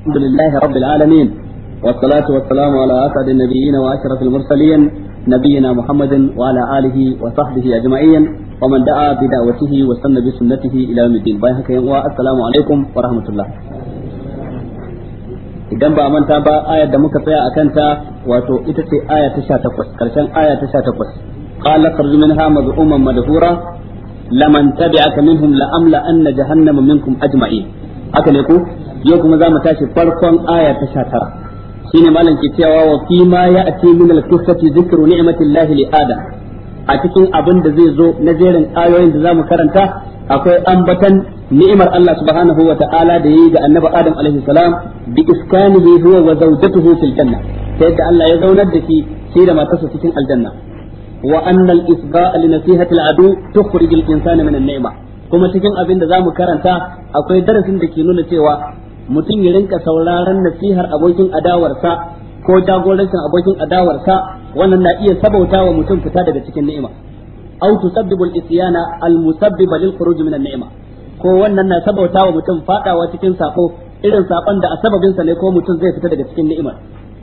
الحمد لله رب العالمين والصلاة والسلام على أسعد النبيين وأشرف المرسلين نبينا محمد وعلى آله وصحبه أجمعين ومن دعا بدعوته وسن بسنته إلى يوم الدين بايحك السلام عليكم ورحمة الله idan ba manta ba ayar da muka tsaya a kanta wato ita ce aya ta takwas karshen aya ta 18 qala kharju minha madhuman madhura laman tabi'aka minhum la amla anna jahannama minkum ajma'in haka ne ko yau kuma za mu tashi farkon aya ta shi shine malam ke cewa wa fi ma ya'ti min al-qissati dhikru ni'matillahi li adam a cikin abin da zai zo na jerin ayoyin da za mu karanta akwai ambatan ni'imar Allah subhanahu wa ta'ala da yi ga annabi Adam alaihi salam bi iskanihi huwa wa zawjatuhu fil janna ta yadda Allah ya zaunar da shi shi da matarsa cikin aljanna wa anna al isba'a li nasihati al adu tukhrij al insana min an ni'ma kuma cikin abin da zamu karanta akwai darasin da ke nuna cewa mutum ya rinka sauraron nasihar abokin adawarsa ko jagorancin abokin adawarsa wannan na iya sabauta wa mutum fita daga cikin ni'ima aw tusabbibu al-isyana al-musabbiba lil khuruj min an ko wannan na sabauta wa mutum fadawa cikin sako irin sakon da a sababin sa ne ko mutum zai fita daga cikin ni'imar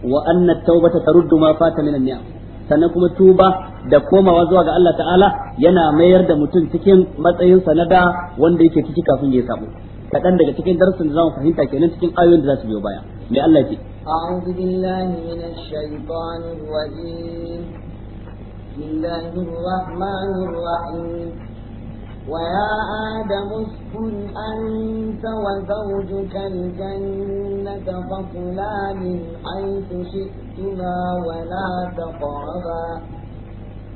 wa anna at-taubata taruddu ma fata min an-ni'am sannan kuma tuba da komawa zuwa ga Allah ta'ala yana mayar da mutum cikin matsayin na da wanda yake ciki kafin ya sabo Kaɗan daga cikin darasin da zamu fahimta kenan cikin ayoyin da za su biyo baya mai Allah ce a'udhu billahi da shaitanir rajim bismillahir rahmanir rahim ويا آدم اسكن أنت وزوجك الجنة فكلا من حيث شئتما ولا تقربا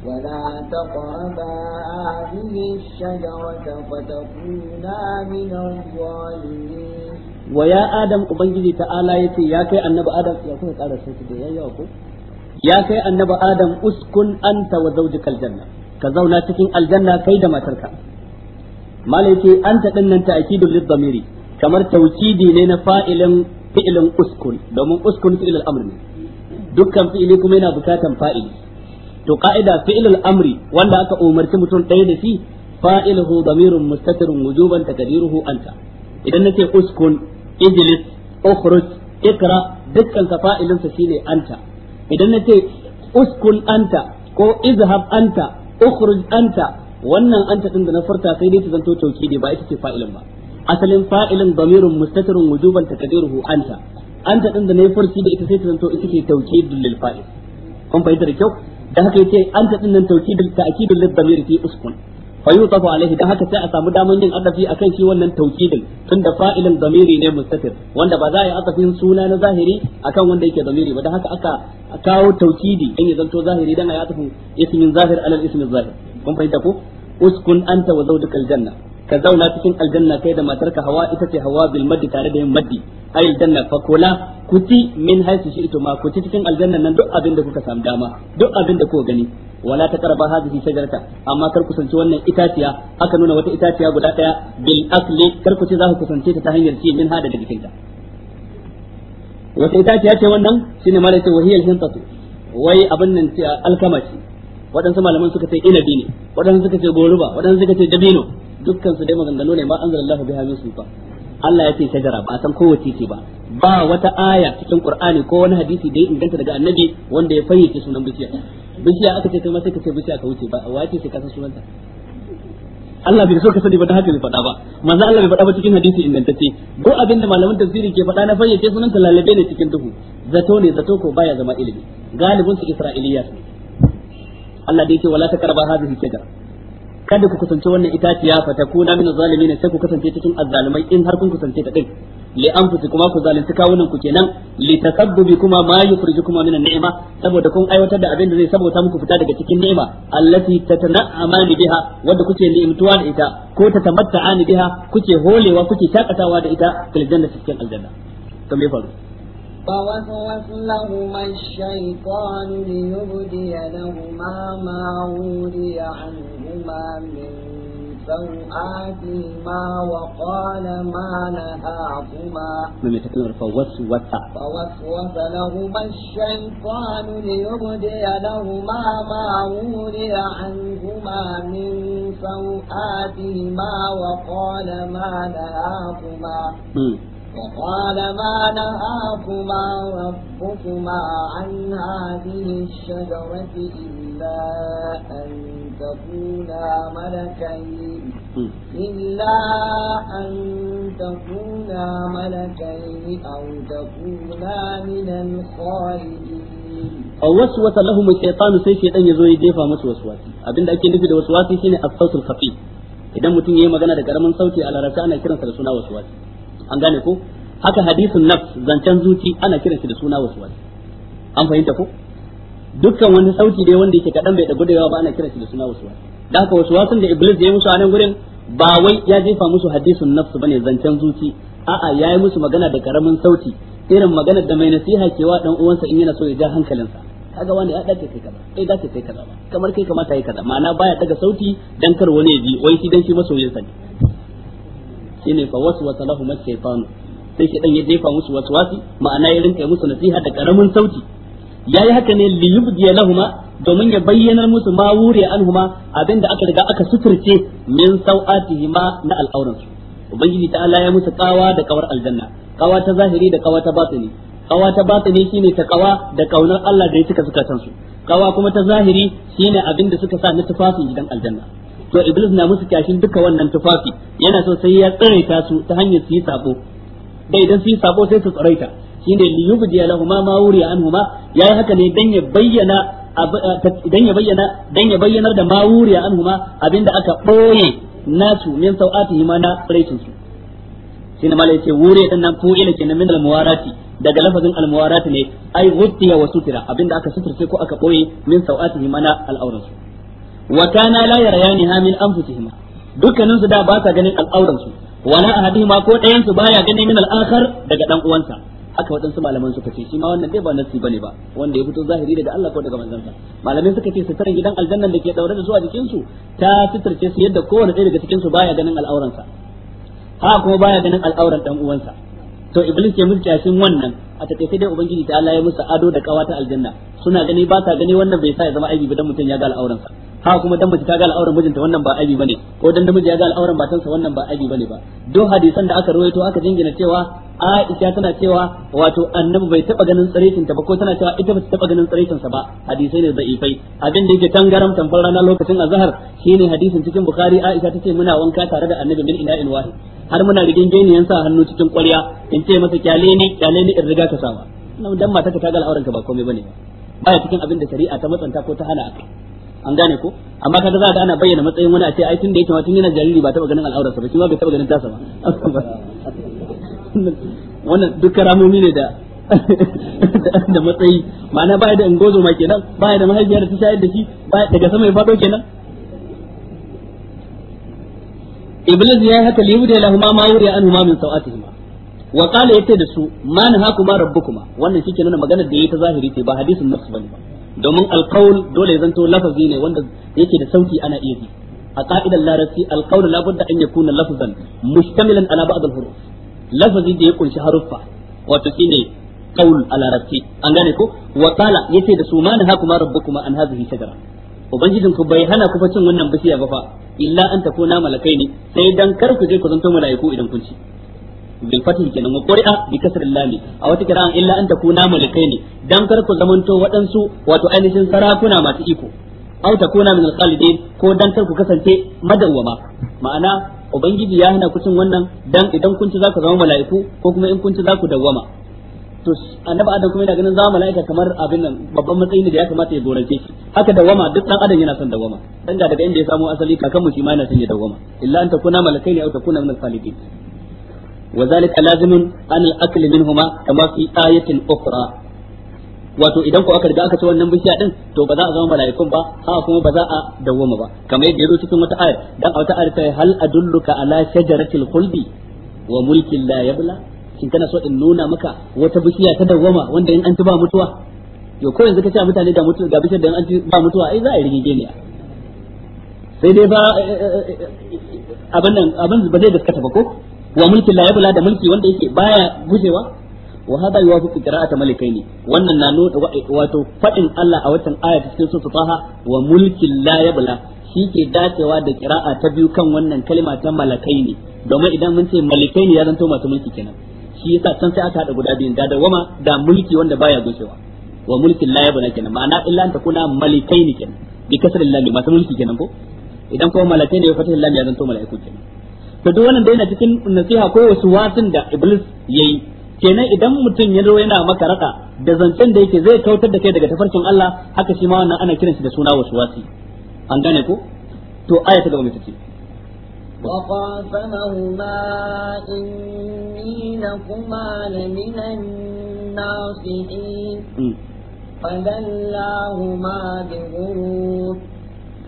ولا تقربا هذه الشجره فتكونا من الظالمين ويا ادم ubangiji ta'ala yace ya kai annabi adam ya kuma ƙara sun su da ya kai annabi adam uskun anta wa zawjika aljanna ka zauna cikin aljanna kai da matarka malai ce anta din nan ta'kid lil damiri kamar tawkidi ne na fa'ilin fi'ilin uskun domin uskun fi'il al-amr ne dukkan fi'ili kuma yana bukatan fa'ili to ka'ida fi'il amri wanda aka umarci mutum ɗaya da shi fa'iluhu damirun mustatirun wujuban takdiruhu anta idan nace uskun ijlis ukhruj ikra dukkan ka fa'ilin sa shine anta idan nace uskun anta ko izhab anta ukhruj anta wannan anta din da na furta sai dai ta zanto tauki ba ita ce fa'ilin ba asalin fa'ilin damirun mustatirun wujuban takdiruhu anta anta din da na furci da ita sai ta zanto ita ce tauki dillil fa'il kun fahimta da kyau dan haka yace anta din nan tawkidul ta'kidul lidhamir fi uskun fa dan haka sai a samu daman yin adafi akan shi wannan tawkidin tunda fa'ilin zamiri ne mustatir wanda ba za a yi adafin suna na zahiri akan wanda yake zamiri ba dan haka aka kawo tawkidi dan ya zanto zahiri dan a yi adafin ismin zahir alal ismin zahir kun fahimta ko uskun anta wa zawjukal janna ka zauna cikin aljanna kai da matarka hawa ita ce hawa bil maddi tare da yin maddi ay aljanna fa kula kuti min haythu shi'tuma kuti cikin aljanna nan duk abin da kuka samu dama duk abin da kuka gani wala taqrabu hadhihi shajarata amma kar ku sanci wannan itaciya aka nuna wata itaciya guda daya bil asli kar ku ce za ku kusance ta ta hanyar ci min hada daga cikinta wata itaciya ce wannan shine malai ce wahiyal hintatu wai abin nan ce alkamashi waɗansu malaman suka ce inabi ne waɗansu suka ce goruba waɗansu suka ce dabino dukkan su dai maganganu ne ma anzalallahu biha min sultan Allah ya ce shajara ba san kowace ce ba ba wata aya cikin Qur'ani ko wani hadisi da ya inganta daga Annabi wanda ya fayyace sunan bishiya bishiya aka ce kai ma sai ka ce bishiya ka wuce ba wace ce ka san sunanta Allah bai so ka sani ba da haka bai faɗa ba manzo Allah bai faɗa ba cikin hadisi ingantacce duk abin da malaman tafsiri ke faɗa na fayyace sunanta lalabe ne cikin duhu zato ne zato ko baya zama ilimi galibin su Isra'iliya Allah dai ce wala ta takarba hadhihi shajara kada ku kusance wannan itaciya fa kuna min zalimin sai ku kasance cikin azzalumai in har kun kusance ta din li kuma ku zalunci kawunan ku kenan li kuma ma kuma min ni'ima saboda kun aiwatar da abin da zai sabota muku fita daga cikin ni'ima allati tatana'ama biha wanda kuke ni'imtuwa da ita ko ta tamatta'ani biha kuke holewa kuke takatawa da ita fil janna cikin aljanna to me faru فوسوس لهما الشيطان ليبدي لهما ما ولي عنهما من سوآتهما وقال ما نهاكما فوسوس فوسوس لهما الشيطان ليبدي لهما ما ولي عنهما من سوآتهما وقال ما نهاكما وقال ما نهاكما ربكما عن هذه الشجرة إلا أن تكونا ملكين إلا أن تكونا ملكين أو تكونا من الخالدين a wasu wata lahu mai shaitanu sai shaitan ya zo ya jefa masa wasu. abin da ake nufi da wasu waswasi shine as-sautul khafi idan mutum ya yi magana da ƙaramin sauti a larabci ana kiransa da suna wasu wasu. an gane ko haka hadisin nafs zancen zuci ana kiran shi da suna waswas an fahimta ko dukkan wani sauti dai wanda yake kadan bai da yawa ba ana kiran shi da suna waswas da haka waswasin da iblis ya yi musu a nan gurin ba wai ya jefa musu hadisin nafs bane zancen zuci a'a ya yi musu magana da karamin sauti irin magana da mai nasiha ke wa dan uwansa in yana so ya ja hankalinsa kaga wani ya dace kai kaza eh dace kai kaza ba kamar kai kamata yi kaza ma'ana baya daga sauti dan kar wani ya ji wai shi dan shi masoyinsa ne shine fa waswasa lahum ash-shaytan sai shi dan ya jefa musu waswasi ma'ana ya rinka musu nasiha da karamin sauti yayi haka ne li yubdiya lahuma domin ya bayyanar musu ma wure anhuma abinda aka riga aka suturce min sau'atihima na al'auransu ubangiji ta'ala ya musu kawa da kawar aljanna kawa ta zahiri da kawa ta batini kawa ta batini shine ta kawa da kaunar Allah da ya cika suka san su kawa kuma ta zahiri shine abin da suka sa na tufafin gidan aljanna to iblis na musu kyashin duka wannan tufafi yana so sai ya tsiraita su ta hanyar su yi sabo da idan su yi sabo sai su tsiraita shine li yubdi lahumma ma wuriya anhuma yayi haka ne dan ya bayyana dan ya bayyana dan ya bayyanar da ma wuriya anhuma abinda aka boye nasu min sau'atihima na tsiraicin su ne malai yace wuri din nan fu'ila kenan min al-muwarati daga lafazin almuwarati ne ai wuttiya wa sutura abinda aka sai ko aka boye min na mana al'auransu wa kana la yarayaniha min anfusihima dukkanin su da ba sa ganin al'auran su wala ahadihima ko ɗayan su baya ganin min al'akhar daga dan uwansa haka waɗansu malaman suka ce shi ma wannan dai ba nasi bane ba wanda ya fito zahiri daga Allah ko daga manzansa malamai suka ce tarin gidan aljannan da ke daure da zuwa jikin su ta sitarce su yadda kowane ɗaya daga cikin su baya ganin al'auransa ha kuma baya ganin al'auran dan uwansa to iblis ya musu kyashin wannan a takaice dai ubangiji ta Allah ya musu ado da kawata aljanna suna gani ba sa gani wannan bai sa ya zama aibi ba dan mutum ya ga al'auransa ha kuma dan mace ta ga al'auran mijinta wannan ba aibi bane ko dan namiji ya ga al'auran matansa wannan ba aibi bane ba duk hadisan da aka rawaito aka jingina cewa Aisha tana cewa wato annabi bai taba ganin tsaricin ta ba ko tana cewa ita ba ta taba ganin tsaricin sa ba hadisai ne da'ifai abin da yake tangaram tamfar rana lokacin azhar shine hadisin cikin bukhari Aisha tace muna wanka tare da annabi min ina'in wahid har muna rigin geniyan sa hannu cikin kwarya in ce masa kyale ne kyale ne in riga ka sawa dan mata ta ga al'auran ka ba komai bane ba baya cikin abin da shari'a ta matsanta ko ta hana aka an gane ko amma kaga za ka ana bayyana matsayin wani a ce ai tun da yake ma tun yana jariri ba taba ganin al'aurarsa ba shi ma bai taba ganin tasa ba wannan duk karamomi ne da da matsayi ma'ana baya da ingozo ma kenan baya da mahaifiya da ta shayar da shi baya daga sama ya fado kenan iblis ya yi haka liyuda lahuma ma yuri an huma min sawatihima wa qala yatta da su ma nahakuma rabbukuma wannan shike nuna maganar da yayi ta zahiri ce ba hadisin nafs bane ba domin alqaul dole zanto lafazi ne wanda yake da sauki ana iya bi a ka'idar larabci alqaul la budda an yakuna lafzan mustamilan ala ba'd al-huruf lafazi da ya kunshi haruffa wato shine qaul a larabci an gane ko wa qala yace da su ma na hakuma rabbukuma an hadhihi shajara ubangijin ku bai hana ku fa cin wannan bishiya ba fa illa an takuna malakai ne sai dan kar ku je ku zanto malaiku idan kun ci bil fathi kenan wa qur'a bi kasr lam a wata kira'an illa an ta takuna malikaini dan karku ku zamanto wadansu wato ainihin sarakuna masu iko aw kuna min al-khalidin ko dan kar ku kasance madawwama ma'ana ubangiji ya hana ku wannan dan idan kun ci za ku zama mala'iku ko kuma in kun ci za ku dawwama to annabi adam kuma ina ganin zama mala'ika kamar abin nan babban matsayi ne da ya kamata ya gorance shi haka dawwama duk dan adam yana son dawwama. dan da daga inda ya samu asali kakanmu shi ma yana son ya dawama illa an ta takuna malakaini aw kuna min al-khalidin وذلك لازم عن الأكل منهما كما في آية أخرى wato idan ko aka riga aka ci wannan bishiya din to ba za a zama mala'ikun ba ha kuma ba za a dawoma ba kamar yadda yazo cikin wata ayar dan a wata ayar ta hal adulluka ala shajaratil khuldi wa mulkin la yabla shin kana so in nuna maka wata bishiya ta dawoma wanda in an ci ba mutuwa yo ko yanzu ka ce mutane da mutuwa ga bishiyar da in an ci ba mutuwa ai za a yi rigige ne sai dai ba abin nan abin ba zai gaskata ba ko wa mulkin la yabla da mulki wanda yake baya gujewa wa hada yuwafiqu qira'ata malikaini wannan na nuna wato fadin Allah a watan aya ta cikin sura Taha wa mulkin la yabla ke dacewa da qira'a ta biyu kan wannan kalma ta malakaini domin idan mun ce malikaini ya zanto masu mulki kenan shi yasa can sai aka hada guda biyun da dawama da mulki wanda baya gujewa wa mulkin la yabla kenan ma'ana illa an takuna malikaini kenan bi kasrin lam masu mulki kenan ko idan kuma malakaini ya fata lam ya zanto malaiku kenan to duk wannan dai yana cikin nasiha ko wasu wasin da iblis yayi kenan idan mutum ya zo yana maka raka da zancen da yake zai kautar da kai daga tafarkin Allah haka shi ma wannan ana kiran shi da suna wasu wasi an gane ko to aya ta gaba mai tace kuma إني لكما لمن الناصحين فدلاهما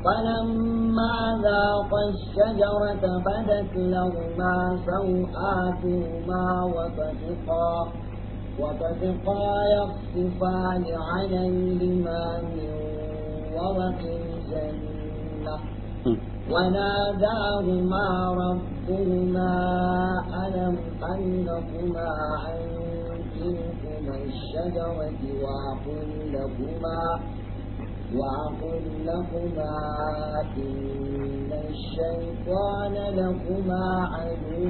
فلما ذاق الشجرة بدت لهما سوآتهما وطفقا وطفقا يخصفان عليهما من ورق الجنة وناداهما ربهما ألم أنكما عن تلكما الشجرة وأقل لكما وأقل لهما إن الشيطان لهما عدو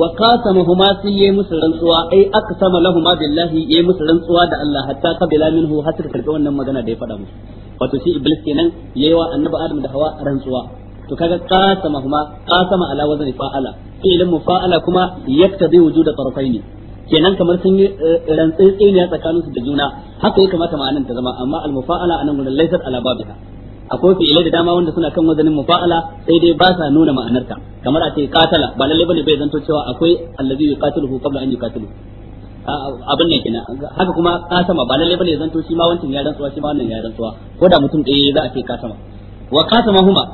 وقاسمهما سي مسر رنسوا اي اقسم لهما بالله يي رنسوا da Allah hatta kabila minhu har suka karbi wannan magana da ya faɗa musu wato shi iblis kenan yayi wa annabi adam da hawa rantsuwa to kaga qasamahuma qasama ala wazni fa'ala fi'lin mufa'ala kuma yaktabi wujuda tarfaini kenan kamar sun yi eh, rantsitsiniya tsakaninsu da juna haka ya kamata ma'anan ta zama amma al-mufa'ala anan gurin laysat ala babiha akwai ilai da dama wanda suna kan wazanin mufa'ala sai dai ba sa nuna ma'anar ta kamar a ce qatala ba lalle bane bai zanto cewa akwai allazi yuqatiluhu qabla an yuqatilu abin ne kenan haka kuma kasama ba lalle bane zanto shi ma wancan ya rantsuwa shi ma wannan ya rantsuwa ko da mutum ɗaya za a ce kasama wa kasama huma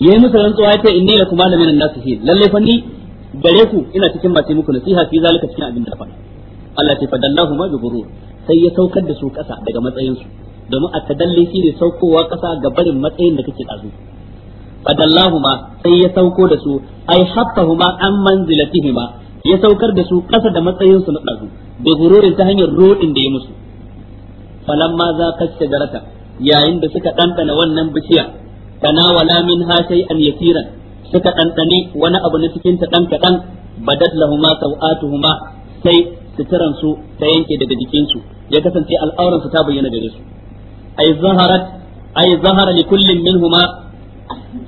yayi musu rantsuwa yace inni lakum malamin nasihin lalle fa ni gare ku ina cikin masu muku nasiha fi zalika cikin abin da fa Allah ce fadallahu ma bi gurur sai ya saukar da su ƙasa daga matsayinsu domin a tadalli shi ne saukowa ƙasa ga barin matsayin da kake ɗazu fadallahu ma sai ya sauko da su ai haffahuma an manzilatihima ya saukar da su ƙasa da matsayinsu na ɗazu bi gururin ta hanyar rodin da ya musu falamma za ka shajarata yayin da suka ɗanɗana wannan bishiya kana wala tanawala minha shay'an yasiran suka ɗanɗani wani abu na cikin ta ɗan kaɗan badat lahuma sau'atuhuma sai suturan su ta yanke daga jikinsu ya kasance al'auran su ta bayyana gare su ay zaharat ay zahara li kullin minhuma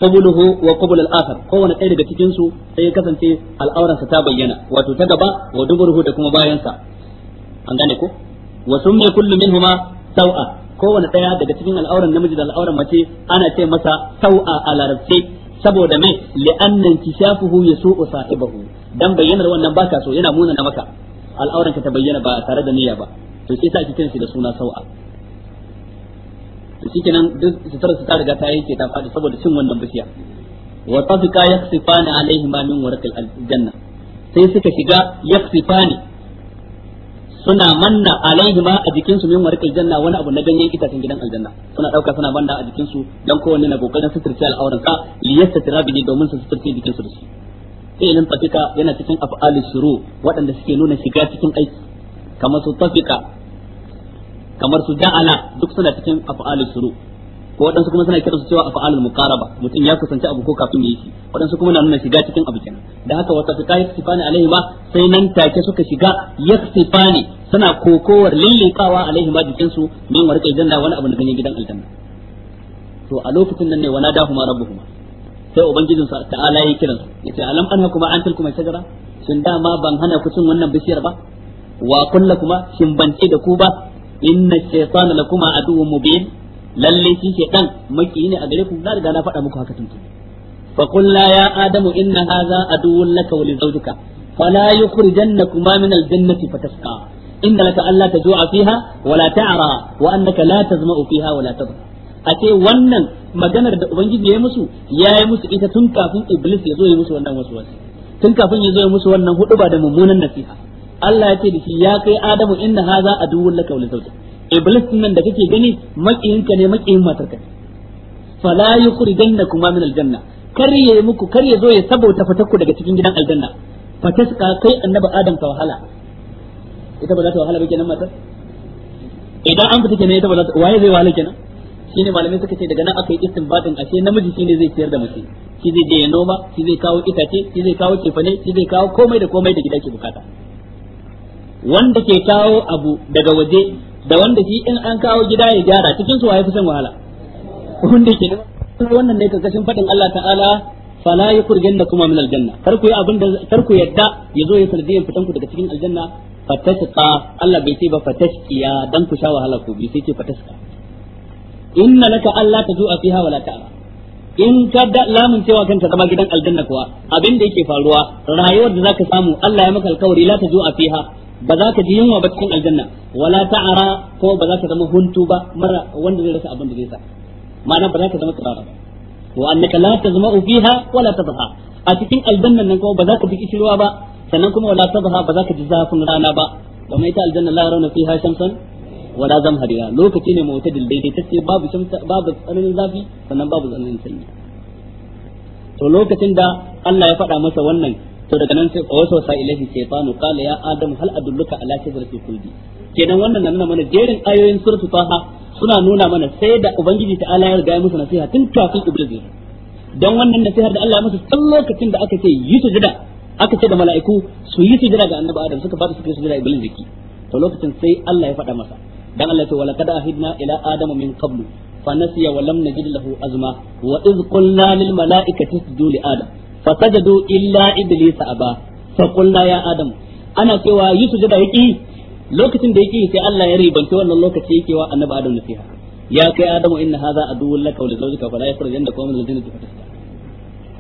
qabluhu wa qabl al-akhar kowanne ɗaya daga cikin su sai ya kasance al'auran sa ta bayyana wato ta gaba wa duburuhu da kuma bayan sa an gane ko wa summa kullu minhuma sau'a kowanne ɗaya daga cikin al'auran namiji da al'auran mace ana ce masa sau'a a larabce saboda me li'annan kishafuhu yasu'u sahibahu dan bayyanar wannan baka so yana muna na maka al'auran ka ta bayyana ba tare da niyya ba to sai sa ki shi da suna sau'a to shikenan duk sitar su ta riga ta yake ta fadi saboda cin wannan bishiya wa tafiqa yaksifani alaihima min warqil janna sai suka shiga yaksifani suna manna alaihi ma a jikinsu min warqil janna wani abu na ganyen itacen gidan aljanna suna dauka suna manna a jikinsu dan kowanne na kokarin suturce al'auran liyasta liyastatira bihi domin su suturce jikinsu da su fi'ilin tafika yana cikin af'alus shuru waɗanda suke nuna shiga cikin aiki kamar su tafika kamar su ja'ala duk suna cikin af'alus shuru ko wadansu kuma suna kiransu cewa af'alul muqaraba mutum ya kusanci abu ko kafin ya yi waɗansu kuma na nuna shiga cikin abu kenan da haka wata ta kai sifani alaihi ma sai nan take suka shiga yaktifani suna kokowar lillinkawa alaihi ma jikin su min warqai janna wani abu na ganin gidan aljanna to a lokacin nan ne wana dahuma rabbuhuma sai ubangijin sa ta'ala ya kiransu yace alam anha kuma an tilkuma shajara sun dama ban hana ku cin wannan bishiyar ba wa kullakuma shin ban da ku ba inna shaytana lakuma aduwwun mubin lalle sun ce dan maki ne a gare ku na riga na faɗa muku haka tuntun fa qulna ya adamu inna hadha aduwwun laka wa lizawjika fala yukhrijannakuma min al-jannati fatasqa inna laka alla taju'a fiha wa la ta'ra wa annaka la tazma'u fiha wa la tadha a ce wannan maganar da ubangiji ya musu ya yi musu ita tun kafin iblis ya zo ya musu wannan wasu wasu tun kafin ya zo ya musu wannan hudu ba da mummunan nasiha Allah ya ce da shi ya kai Adamu inna hadha aduwwun laka wa lizawjika iblis nan da kake gani makiyinka ne makiyin matarka ne fala yukhrijannakuma min aljanna kar ya muku kar ya zo ya sabota fatakku daga cikin gidan aljanna fataska kai annabi adam ta wahala ita ba za ta wahala ba kenan matar idan an fita kenan ita ba za ta waye zai wahala kenan shine malamai suka ce daga nan aka yi istinbatin ashe namiji shine zai ciyar da mace shi zai daya noma shi zai kawo itace shi zai kawo cefane shi zai kawo komai da komai da gida ke bukata wanda ke kawo abu daga waje da wanda shi in an kawo gida ya gyara cikin su waye fi san wahala wanda ke wannan ne karkashin fadin Allah ta'ala fala kuma min aljanna kar ku yi abin da kar ku yadda yazo ya sanadiyan fitan ku daga cikin aljanna fatashqa Allah bai ce ba fatashqiya dan ku sha wahala ku bi sai ce fatashqa inna laka alla tazu'a fiha wala ta'ala in ka da lamun cewa kanta zama gidan aljanna kuwa abin da yake faruwa rayuwar da zaka samu Allah ya maka alkawari la tazu'a fiha ba za ka ji yunwa ba cikin aljanna wala ta'ara ko ba za ka zama huntu ba mara wanda zai rasa abin da zai sa ma'ana ba za ka zama tsirara ba wa annaka la tazma'u fiha wala tadha a cikin aljanna nan kuma ba za ka ji kishirwa ba sannan kuma wala tadha ba za ka ji zafin rana ba kuma ita aljanna la rauna fiha shamsan wala zamhariya lokaci ne mota dai tace babu shamsa babu tsananin zafi sannan babu tsananin sanyi to lokacin da Allah ya faɗa masa wannan to daga nan sai wasu wasa ilahi shaytanu qala ya adam hal adulluka ala shajarati kulli kenan wannan nan mana jerin ayoyin suratu faha suna nuna mana sai da ubangiji ta ala ya riga musu nasiha tun kafin iblis dan wannan nasihar da Allah ya musu tun lokacin da aka ce yi sujada aka ce da mala'iku su yi sujada ga annabi adam suka ba su suka sujada iblis jiki to lokacin sai Allah ya faɗa masa dan Allah ya ce walaqad ahidna ila adama min qablu fa nasiya wa lam najid lahu azma wa iz qulna lil mala'ikati isjudu li adam fasajadu illa iblisa aba fa qulna ya adam ana cewa yi sujada yaki lokacin da yake sai Allah ya ribanta wannan lokaci yake wa annabi adam nasiha ya kai adamu inna hadha aduwwun laka wa lizawjika fala yakhruj inda qawmin ladina tafatasta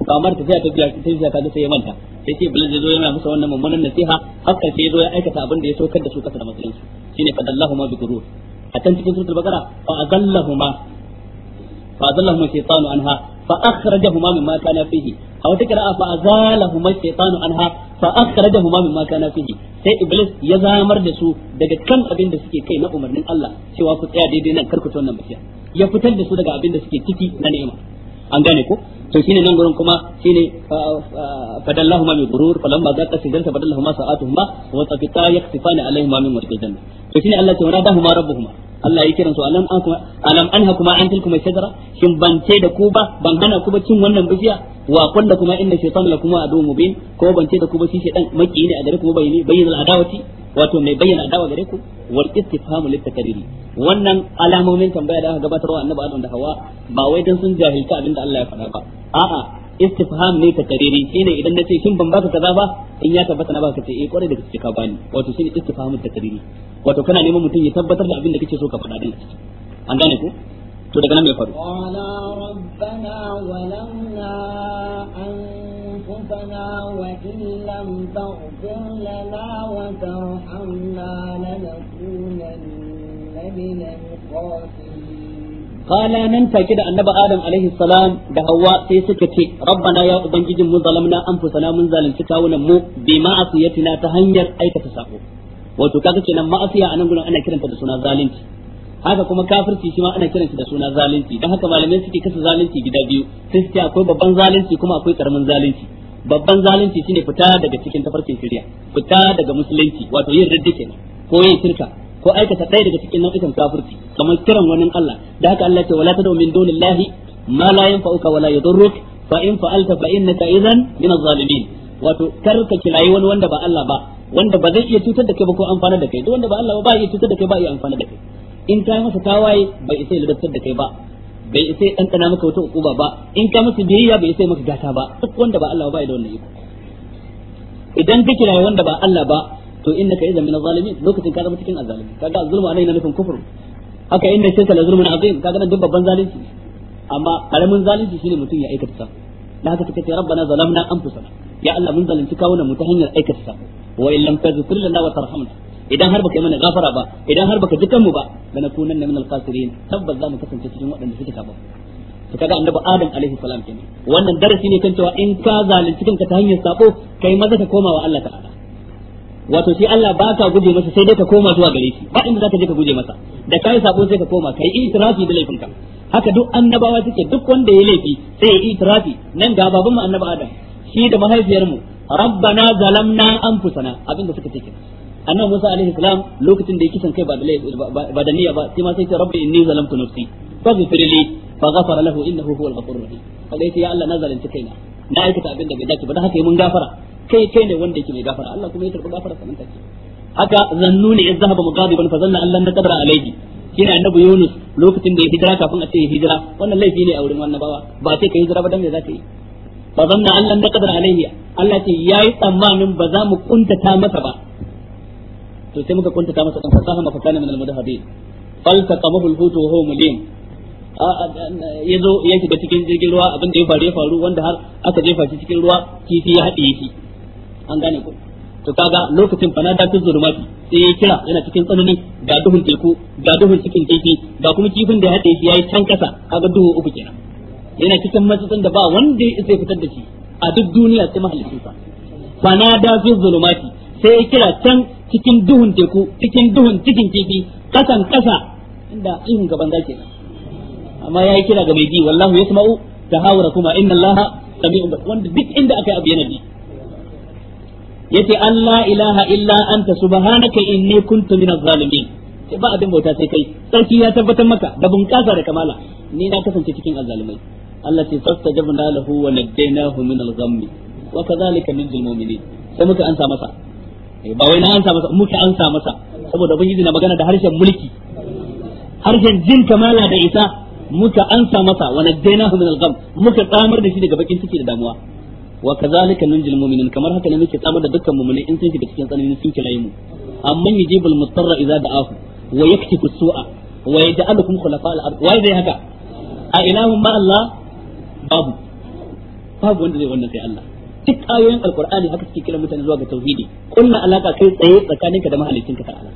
to amma ta sai ta biya ta biya kaga sai ya manta sai ce bilal ya zo yana musu wannan mummunan nasiha haka sai ya zo ya aikata abin da ya saukar da su kasa da matsayin shine fadallahuma bi gurur a cikin anha fa akhrajahuma mimma kana fihi aw ta qira'a fa azalahuma shaytanu anha fa akhrajahuma mimma kana fihi sai iblis ya zamar da su daga kan abinda da suke kai na umarnin Allah cewa ku tsaya daidai nan karku ta wannan bakiya ya fitar da su daga abin da suke ciki na ni'ima an gane ko to shine nan gurin kuma shine fadallahuma bi ghurur falamma zaqa sijalta fadallahuma sa'atuhuma wa tafiqa yaqtifani alaihima min warqi janna to shine Allah ya radahuma rabbuhuma Allah ya kiransu alam an kuma alam kuma an tilkuma shajara shin ban ce da ku ba ban hana ku ba cin wannan bishiya wa kullu kuma inna shaytan lakum mubin ko ban ce da ku ba shi maki ne a gare ku bayyana bayyana wato mai bayyana adawa gare ku wal istifhamu lit wannan alamomin tambaya da aka gabatarwa annabi Adam da Hawwa ba wai dan sun jahilta abinda Allah ya faɗa ba a'a istifham ne takriri shine idan nace kin ban baka kaza ba in ya tabbata na baka ce eh kwarai da gaske ka bani wato shine istifham takriri wato kana neman mutum ya tabbatar da abin da kake so ka faɗa din an gane ku to daga nan me faru qala rabbana walamna an أنفسنا وإن لم تغفر لنا وترحمنا لنكونن من الخاسرين قال ننتا كده النبي آدم عليه السلام ده هو سيسكتي ربنا يا أبنجي من ظلمنا أنفسنا من ظلم تكاونا مو بمعصيتنا تهنجر أي تتساقو wato kaga kenan ma'asiya a nan gurin ana kiranta da suna zalunci haka kuma kafirci shi ma ana kiransa da suna zalunci don haka malamai suke kasa zalunci gida biyu sai suke akwai babban zalunci kuma akwai karamin zalunci babban zalunci shine fita daga cikin tafarkin shari'a fita daga musulunci wato yin ridda ko yin shirka ko aikata ɗaya daga cikin nau'ikan kafirci kamar kiran wani Allah da haka Allah ya ce wala tadu min dunillahi ma la yanfa'uka wala yadurruk fa in fa'alta fa innaka idhan min adh-dhalimin wato kar ka kirayi wani wanda ba Allah ba wanda ba zai iya cutar da kai ba ko amfana da kai duk wanda ba Allah ba ba iya cutar da kai ba iya amfana da kai in ta masa tawaye bai isa ya ladabtar da kai ba bai isa ya ɗanɗana maka wata ukuba ba in ka masa biyayya bai isa maka gata ba duk wanda ba Allah ba da wannan iko idan ka kira wanda ba Allah ba to innaka idan min zalimin lokacin ka zama cikin azalimi kaga zulmu anan yana nufin kufur haka inda shirka la zulmun azim kaga nan duk babban zalunci amma karamin zalunci shine mutum ya aikata sa da haka kace rabbana zalamna anfusana ya Allah mun zalunci kawuna mu ta hanyar aikata sa wa illam tazkur lana wa tarhamna idan har baka yi mana gafara ba idan har baka dukan mu ba da na kunan min al-khasirin tabbas za mu kasance cikin waɗanda suke saba to kaga annabi adam alaihi salam kenan wannan darasi ne kan cewa in ka zalunci kanka ta hanyar sako kai maza ka koma wa Allah ta'ala wato shi Allah ba ka guje masa sai dai ka koma zuwa gare shi ba inda zaka je ka guje masa da kai sako sai ka koma kai itirafi da laifinka haka duk annabawa suke duk wanda ya laifi sai ya itirafi nan ga baban mu annabi adam shi da mahaifiyar mu rabbana zalamna anfusana abinda suka ce kenan annabi Musa alaihi salam lokacin da ya kisan kai ba da ba da niyya ba sai ma sai ce rabbi inni zalamtu nafsi faghfir li faghfara lahu innahu huwal ghafurur rahim kaga yace ya Allah na zalunci kaina na aikata abin da bai dace ba dan haka mun gafara kai kai ne wanda yake mai gafara Allah kuma ya karbi gafara sanan take haka zannuni iz zahaba mughadiban fa zanna Allah na qadara alaihi shine annabi Yunus lokacin da ya hijira kafin a ce ya hijira wannan laifi ne a wurin wannan bawa ba sai ka hijira ba dan me zaka yi fa zanna Allah na qadara alaihi Allah ce yayi tsammanin ba za mu kuntata masa ba to sai muka kunta masa dan fasaha ma fakana min al-mudhabi qamahu al-hut wa huwa mulim yazo ya shiga cikin jirgin ruwa abin da ya faru ya faru wanda har aka jefa shi cikin ruwa kifi ya haɗe shi an gane ko to kaga lokacin fana da tun zulumati sai ya kira yana cikin tsanani ga duhun teku ga duhun cikin kifi ga kuma kifin da ya haɗe shi yayi can kasa kaga duhu uku kenan yana cikin matsatsin da ba wanda ya isa fitar da shi a duk duniya sai sa fana da fi zulumati sai ya kira can cikin duhun teku cikin duhun cikin kifi kasan kasa inda ihun gaban zaki amma yayi kira ga mai ji wallahu yasma'u tahawara kuma inna allaha sami'un wanda duk inda aka yi abu yana bi yace Allah ilaha illa anta subhanaka inni kuntu minaz zalimin ba abin bauta sai kai sarki ya tabbatar maka da bunƙasa da kamala ni na kasance cikin azzalimai Allah ce fastajabna lahu wa najaynahu min al-ghammi wa kadhalika min al-mu'minin sai muka ansa masa Eh, ba wai na ansa masa muka ansa masa saboda ubangiji na magana da harshen mulki harshen jin kamala da isa muka ansa masa wa najjaynahu min al-gham muka tsamar da shi daga bakin ciki da damuwa wa kazalika nunjil mu'minin kamar haka ne muke tsamar da dukkan mu'mini in sun shiga cikin tsananin sun kirayi mu amman yujibul mutarra idza da'ahu wa yaktifu su'a wa yaj'alukum khulafa al-ard wa zai haka a ilahum ma Allah babu babu wanda zai wannan sai Allah duk ayoyin alkurani haka suke kiran mutane zuwa ga tauhidi kunna alaka kai tsaye tsakaninka da mahalicinka ta'ala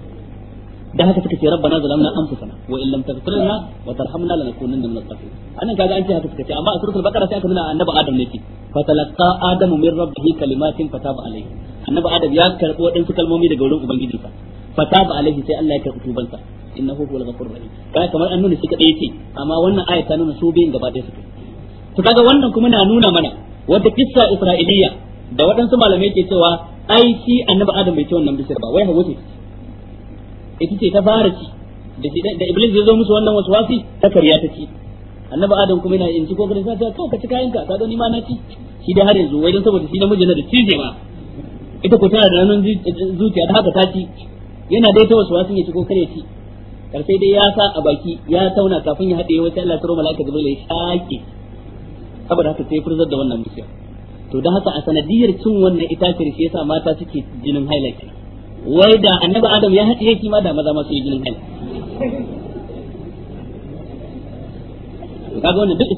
da haka suka ce rabbana zalamna anfusana wa in lam taghfir lana wa tarhamna lanakunanna min al-khasirin anan kaga an ce haka suka ce amma a suratul baqara sai aka nuna annabi adam ne fa talaqa adamu min rabbihi kalimatin fataba alayhi annabi adam ya karbi wadansu kalmomi daga wurin ubangiji sa fataba alayhi sai Allah ya karbi tubansa innahu huwal rahim kaga kamar an nuna shi kadai ce amma wannan aya ta nuna su biyin gaba ɗaya suka to kaga wannan kuma na nuna mana wata kissa isra'iliya da waɗansu malamai ke cewa ai shi annabi adam bai ci wannan bishiyar ba wai hawa ce ita ce ta fara ci da iblis ya zo musu wannan wasi ta karya ta ci annabi adam kuma yana in ci ko garin sai ka ci kayan ka ka ga ni ma na ci shi dai har yanzu wai dan saboda shi namiji na da cije ma ita ko tana da nan zuciya da haka ta ci yana dai ta wasin ya ci ko kare ci karfe dai ya sa a baki ya tauna kafin ya haɗe wata Allah ya tsaro mala'ika Jibril ya shake saboda haka sai furzar da wannan bishiyar to da haka a sanadiyar cin wannan ita shi yasa mata suke jinin haila wai da annabi adam ya haɗe shi ma da maza ma yi jinin haila kaga wannan duk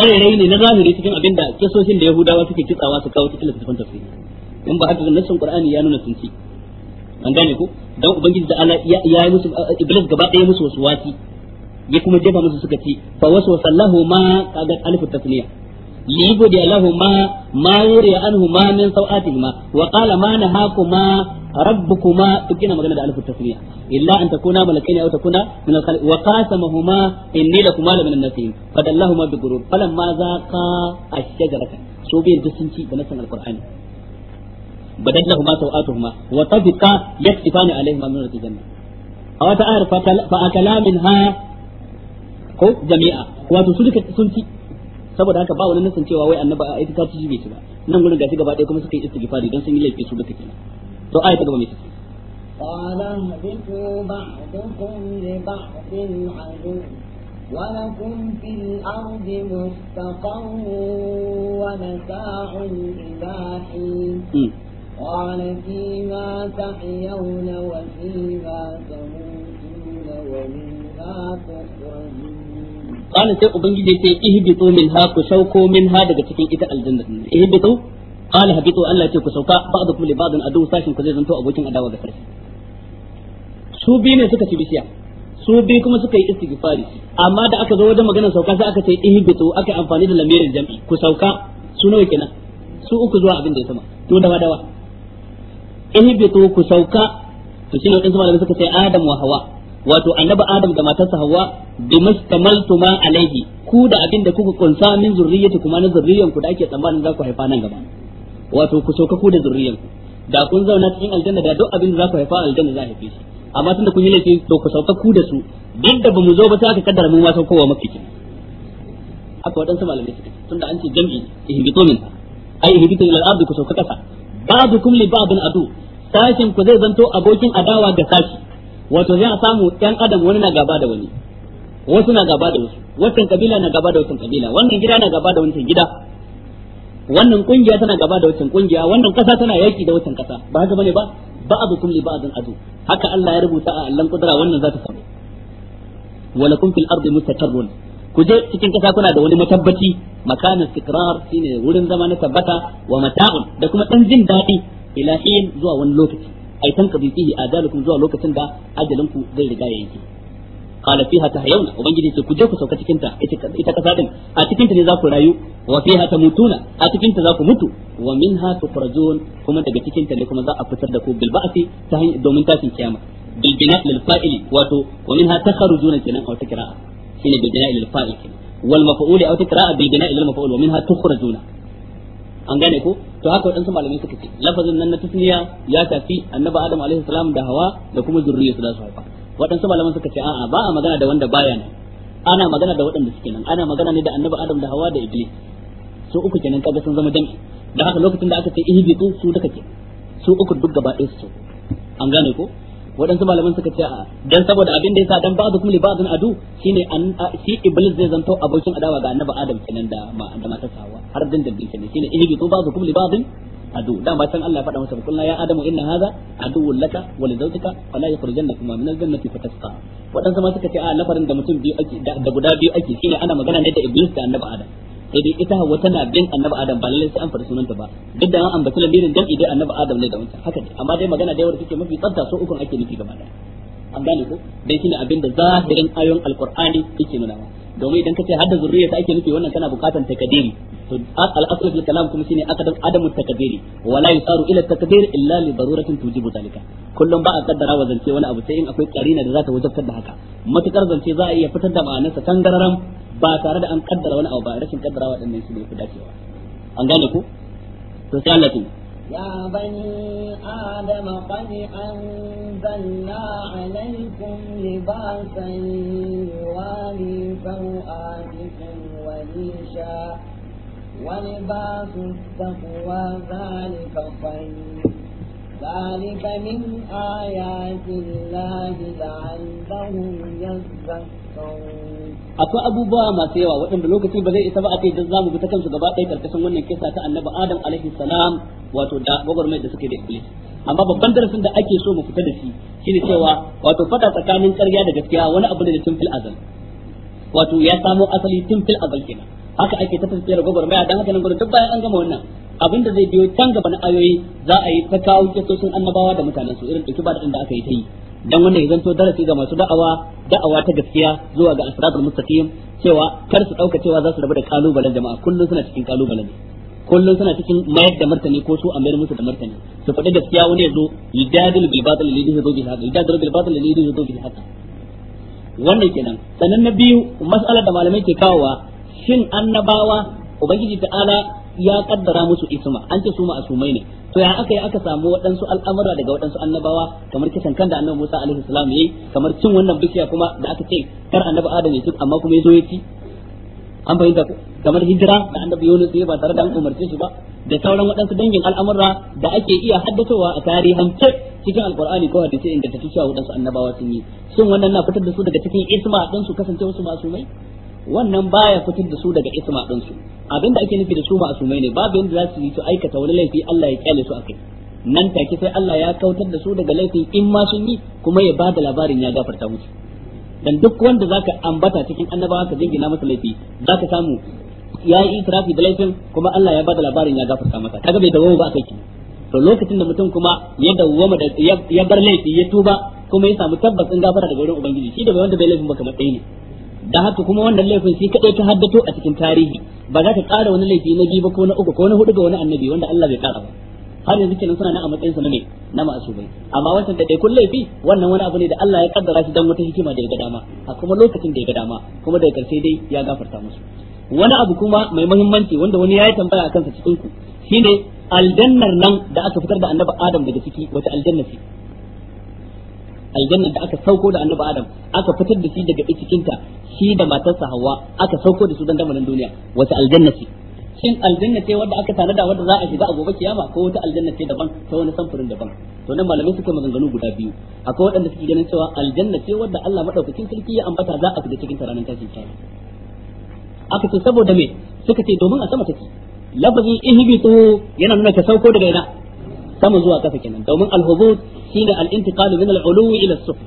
ne na zahiri cikin abin da kisoshin da yahudawa suke kitsawa su kawo cikin littattafan tafsiri in ba haka nassin qur'ani ya nuna sun ci an gane ko dan ubangiji da ala ya yi musu iblis gaba ɗaya musu wasu wasi ya kuma jefa musu suka ci fa waswasa lahuma kaga alif tasniya liyubdi lahuma ma yuriya anhuma min sawatihima ko jami'a wato su duka sun ci saboda haka ba wani nasan cewa wai annabi a ita ta ci bai ci ba nan gurin gashi gaba ɗaya kuma suka yi istighfari don sun yi laifi su duka kenan to ai ta gaba mai tafi قال اهبطوا بعضكم لبعض عدو ولكم في الأرض قال sai ubangiji sai ihbitu minha ku sauko minha daga cikin ita aljanna ihbitu qala habitu Allah ce ku sauka ba'dukum li a adu sashin ku zai zanto abokin adawa ga sarki su biyu ne suka ci bisiya. su biyu kuma suka yi istighfari amma da aka zo wajen magana sauka sai aka ce ihbitu aka amfani da lamirin jam'i ku sauka su nawa kenan su uku zuwa abin da ya sama to dawa dawa ihbitu ku sauka to suka hawa wato annabi adam da matarsa hawa bimastamaltuma alaihi ku da abin da kuka kunsa min zurriyyati kuma na zurriyan ku da ake tsammanin za ku haifa nan gaba wato ku sauka ku da zurriyan ku da kun zauna cikin aljanna da duk abin da za ku haifa aljanna za haife shi amma tunda kun yi laifi to ku sauka ku da su duk da bamu zo ba sai aka kaddara mun ma saukowa mafi kin aka wadansu malamai suka tunda an ce jam'i ihbitu min ai ihbitu ila al-ardi ku sauka kasa ba'dukum li ba'din adu sashin ku zai zanto abokin adawa ga sashi wato za a samu ɗan adam wani na gaba da wani wasu na gaba da wasu wannan kabila na gaba da wannan kabila wannan gida na gaba da wannan gida wannan kungiya tana gaba da wannan kungiya wannan kasa tana yaki da wannan kasa ba haka bane ba ba'dukum li ba'din adu haka Allah ya rubuta a Allah kudura wannan za ta samu walakum fil ardi mustaqarrun ku je cikin kasa kuna da wani matabbaci makanin istiqrar shine wurin zama na tabbata wa mata'un da kuma dan jin daɗi ila zuwa wani lokaci ay tanqadi fihi ajalukum zuwa lokacin da ajalin ku zai riga ya yanke qala fiha tahyawun ubangiji ce ku je ku sauka cikin ta ita kasa din a cikin ta ne za ku rayu wa fiha tamutuna a cikin ta za ku mutu wa minha tukhrajun kuma daga cikin ta ne kuma za a fitar da ku bil ba'si ta hanyar domin tashin kiyama bil bina' lil fa'ili wato wa minha takhrujuna kenan a wata kira'a shine bil bina' lil fa'il wal maf'ul a wata kira'a bil bina' lil maf'ul wa minha tukhrajuna an gane ko to haka waɗansu malamai suka ce lafazin nan na tasniya ya tafi annabi adam alaihi salam da hawa da kuma zurriya su da su haifa waɗansu malaman suka ce a'a ba a magana da wanda baya ne ana magana da waɗanda suke nan ana magana ne da annabi adam da hawa da iblis su uku kenan kaga sun zama dangi da haka lokacin da aka ce ihbitu su duka ke su uku duk gaba ɗaya su an gane ko waɗansu malaman suka ce a dan saboda abin da yasa dan ba'du kuma li ba'dun adu shine an shi iblis zai zanto abokin adawa ga annabi adam kenan da da mata sawa har dan da kenan shine ilmi to ba'du kuma li ba'dun adu dama san Allah ya faɗa masa kullu ya adamu inna hadha aduwwun laka wa li zawjika fala yukhrijannakuma min al-jannati fatasqa waɗansu ma suka ce a lafarin da mutum biyu ake da guda biyu ake shine ana magana ne da iblis da annabi adam sai dai ita hawa tana bin annabi adam ba lallai sai an faɗi sunanta ba duk da an ambaci lamirin dan idan annabi adam ne da wancan haka ne amma dai magana da yawa take mafi tsafta so ukun ake nufi gaba daya an gane ko dai shine abinda zahirin ayoyin alqur'ani yake nuna domin idan kace hadda zurriya ta ake nufi wannan kana bukatan takadiri to al-asl fil kalam kuma shine akadam adamu takadiri wala yusaru ila takdir illa li daruratin tujibu zalika kullum ba a kaddara wa zance wani abu sai in akwai karina da za ta wajabtar da haka matukar zance za a iya fitar da ma'anarsa tangararam ba tare da an kaddara wani abu ba rashin kaddara wa dinnan su ne an gane ku to sai Allah ya bani adam qad anzalna alaykum libasan wa libasan wa lisha wa libasan taqwa zalika khayr ذلك من آيات akwai abubuwa masu yawa waɗanda lokaci ba zai isa ba a ce dan zamu bi ta kansu gaba ɗaya karkashin wannan kisa ta annabi Adam alaihi salam wato da gwagwarmai da suke da Iblis amma babban darasin da ake so mu fita da shi shine cewa wato fada tsakanin ƙarya da gaskiya wani abu ne da tun fil azal wato ya samo asali tun fil azal kenan haka ake ta tafiyar gwagwarmaya dan haka nan gurin duk bayan an gama wannan abin da zai biyo can gaba na ayoyi za a yi ta kawo kisoshin annabawa da mutanen su irin dauki ba da aka yi ta yi dan wannan ya to darasi ga masu da'awa da'awa ta gaskiya zuwa ga asratul mustaqim cewa kar su dauka cewa za su rabu da kalubalen jama'a kullun suna cikin kalubalen kullun suna cikin mayar da martani ko su amir musu da martani su faɗi gaskiya wani yazo yidadul bil batil alladhi yadhu bil haqq yidadul bil batil alladhi yadhu bil haqq wannan kenan sanan na biyu mas'alar da malamai ke kawowa shin annabawa ubangiji ta'ala ya kaddara musu isma an ce su asumai ne to ya aka yi aka samu waɗansu al'amura daga waɗansu annabawa kamar kisan kan da annabi Musa alaihi salam yayi kamar cin wannan bishiya kuma da aka ce kar annabi Adam ya ci amma kuma ya zo ya ci an fahimta kamar hijira da annabi Yunus ya ba tare da an umarce shi ba da sauran waɗansu dangin al'amura da ake iya haddacewa a tarihance cikin Alqur'ani ko hadisi inda ta tuciya waɗansu annabawa sun yi sun wannan na fitar da su daga cikin isma ɗin su kasance wasu mai wannan baya fitar da su daga isma din su abinda ake nufi da su ma'asumai ne babu yanda za su yi su aikata wani laifi Allah ya kyale su akai nan take sai Allah ya kautar da su daga laifi in ma sun yi kuma ya bada labarin ya gafarta musu dan duk wanda zaka ambata cikin annabawa ka jingina masa laifi zaka samu ya yi itirafi da laifin kuma Allah ya bada labarin ya gafarta masa kaga bai dawo ba akai ki to lokacin da mutum kuma ya dawwama da ya bar laifi ya tuba kuma ya samu tabbacin gafara daga wurin ubangiji shi da wanda bai laifin ba kamar ɗaya ne da haka kuma wannan laifin shi kadai ta haddato a cikin tarihi ba za ta ƙara wani laifi na biyu ba ko na uku ko na hudu ga wani annabi wanda Allah bai ƙara ba har yanzu kenan suna na a matsayin sa ne na ma'asubai amma wancan da kun laifi wannan wani abu ne da Allah ya kaddara shi dan wata hikima da ya ga dama a kuma lokacin da ya ga dama kuma daga karshe dai ya gafarta musu wani abu kuma mai muhimmanci wanda wani ya yi tambaya akan sa cikin ku shine aljannar nan da aka fitar da annabi Adam daga ciki wata aljanna ce aljanna da aka sauko da annabi adam aka fitar da shi daga cikinta shi da matarsa hawa aka sauko da su dan damarin duniya wata aljanna ce shin aljanna ce wadda aka tanada wadda za a shiga a gobe kiyama ko wata aljanna ce daban ta wani samfurin daban to nan malamai suka maganganu guda biyu akwai waɗanda suke ganin cewa aljanna ce wadda Allah madaukakin sarki ya ambata za a shiga cikin ta ranar tashin kiyama aka ce saboda me suka ce domin a sama take lafazin ihbitu yana nuna ka sauko daga ina sama zuwa kasa kenan domin al-hubud shine al-intiqalu min al-ulu ila as-sufl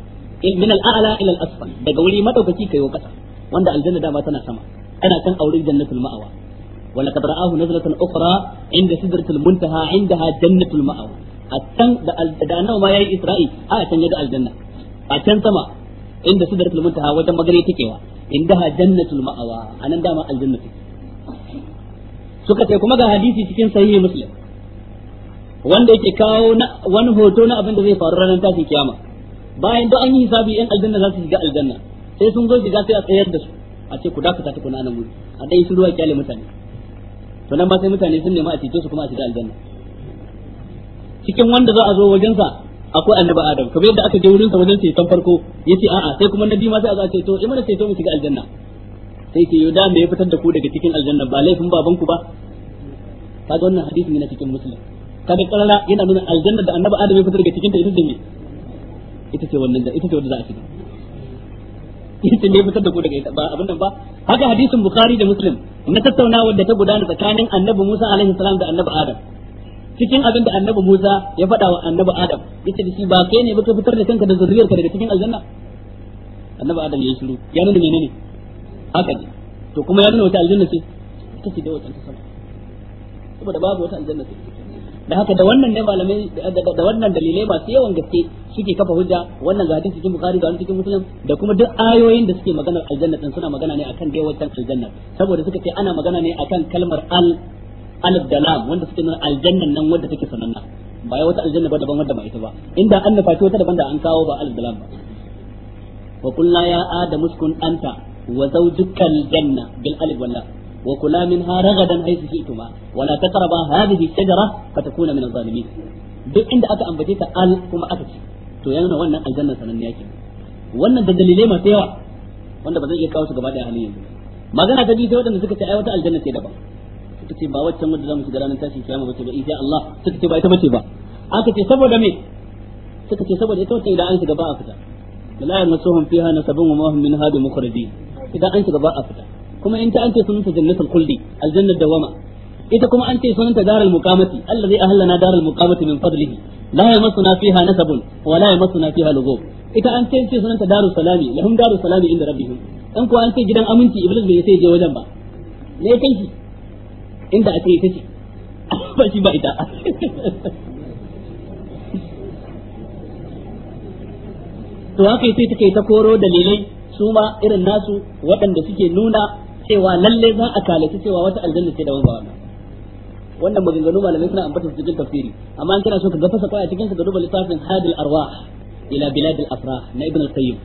min al-a'la ila al-asfal daga wuri madaukaki kayo kasa wanda aljanna dama tana sama kana kan aure jannatul ma'awa ولقد رآه نزلة أخرى عند سدرة المنتهى عندها ma'awa a أتن da أنه ما يأي إسرائيل آه أتن يدع الجنة أتن سما عند سدرة المنتهى وجم مغري تكيوا عندها ma'awa المأوى أنا دام الجنة suka ce kuma ga hadisi cikin sahihi muslim wanda yake kawo wani hoto na abin da zai faru ranar tashin kiyama bayan da an yi hisabi yan aljanna za su shiga aljanna sai sun zo shiga sai a tsayar da su a ce ku dakata ta kuna nan a dai su ruwa kyale mutane to nan ba sai mutane sun nema a cece su kuma a shiga aljanna cikin wanda za a zo wajen sa akwai annabi adam kamar yadda aka je wurin sa wajen ceton farko yace a'a sai kuma nabi ma sai a za a ceto to eh, imana ceto mu shiga aljanna sai ce yoda me ya fitar da ku daga cikin aljanna ba laifin babanku ba kaga wannan hadisi ne na cikin muslim kaga karara yana nuna aljanna da annabi adam ya fitar daga cikin ta ita ce me ita ce wannan ita ce wanda za a shiga ita ne fitar da ku daga ita ba abin nan ba haka hadisin bukhari da muslim na tattaunawa da ta gudana tsakanin annabi musa alaihi salam da annabi adam cikin abin da annabi musa ya faɗa wa annabi adam yace da shi ba kai ne ba ka fitar da kanka da zuriyarka daga cikin aljanna annabi adam ya yi shiru ya nuna menene haka ne to kuma ya nuna wata aljanna ce ita ce da wata sama saboda babu wata aljanna ce da haka da wannan ne malamai da wannan dalilai masu yawan gaske suke kafa hujja wannan ga cikin bukhari ga cikin muslim da kuma duk ayoyin da suke magana aljanna din suna magana ne akan dai wancan aljanna saboda suka ce ana magana ne akan kalmar al alif Dalam wanda suke nuna aljannan nan wanda take sananna ba ya wata aljanna ba daban wanda ba ita ba inda an nufa wata daban da an kawo ba alif Dalam ba wa qulna ya adamu uskun anta wa zawjuka Janna bil alif wal lam وكلا منها رغدا حيث شئتما ولا تقربا هذه الشجرة فتكون من الظالمين duk inda aka ambace ta al kuma aka ce to ya nuna wannan aljanna sananniya ke wannan da dalilai masu yawa wanda ba zan iya kawo su gaba daya halin yanzu magana ta biyu sai waɗanda suka ce ai wata aljanna ce daban suka ce ba waccan wanda zamu shiga ranar tashin kiyama bace ba insha Allah suka ce ba ita bace ba aka ce saboda me suka ce saboda ita wacce idan an shiga ba a fita la yamsuhum fiha nasabun wa ma hum min hadu mukhrajin idan an shiga ba a fita kuma in ta an ce sunanta jannatul khuldi aljannatul dawama ita kuma an ce sunanta darul muqamati allazi ahallana darul muqamati min fadlihi la yamassuna fiha nasabun wa la yamassuna fiha lughub ita an ce ce sunanta darus salami lahum darus salami inda rabbihim in ko an ce gidan aminci iblis bai sai je wajen ba ne kai shi inda ake ita ce ba shi ba ita to haka sai take ta koro dalilai su ma irin nasu waɗanda suke nuna cewa lalle za a kalaci cewa wata aljanna ce da ba wannan wannan maganganu malamai suna ambata su cikin tafsiri amma kana so ka ga fasa kwaya cikin su ga duba littafin hadil arwah ila bilad al afrah na ibn al qayyim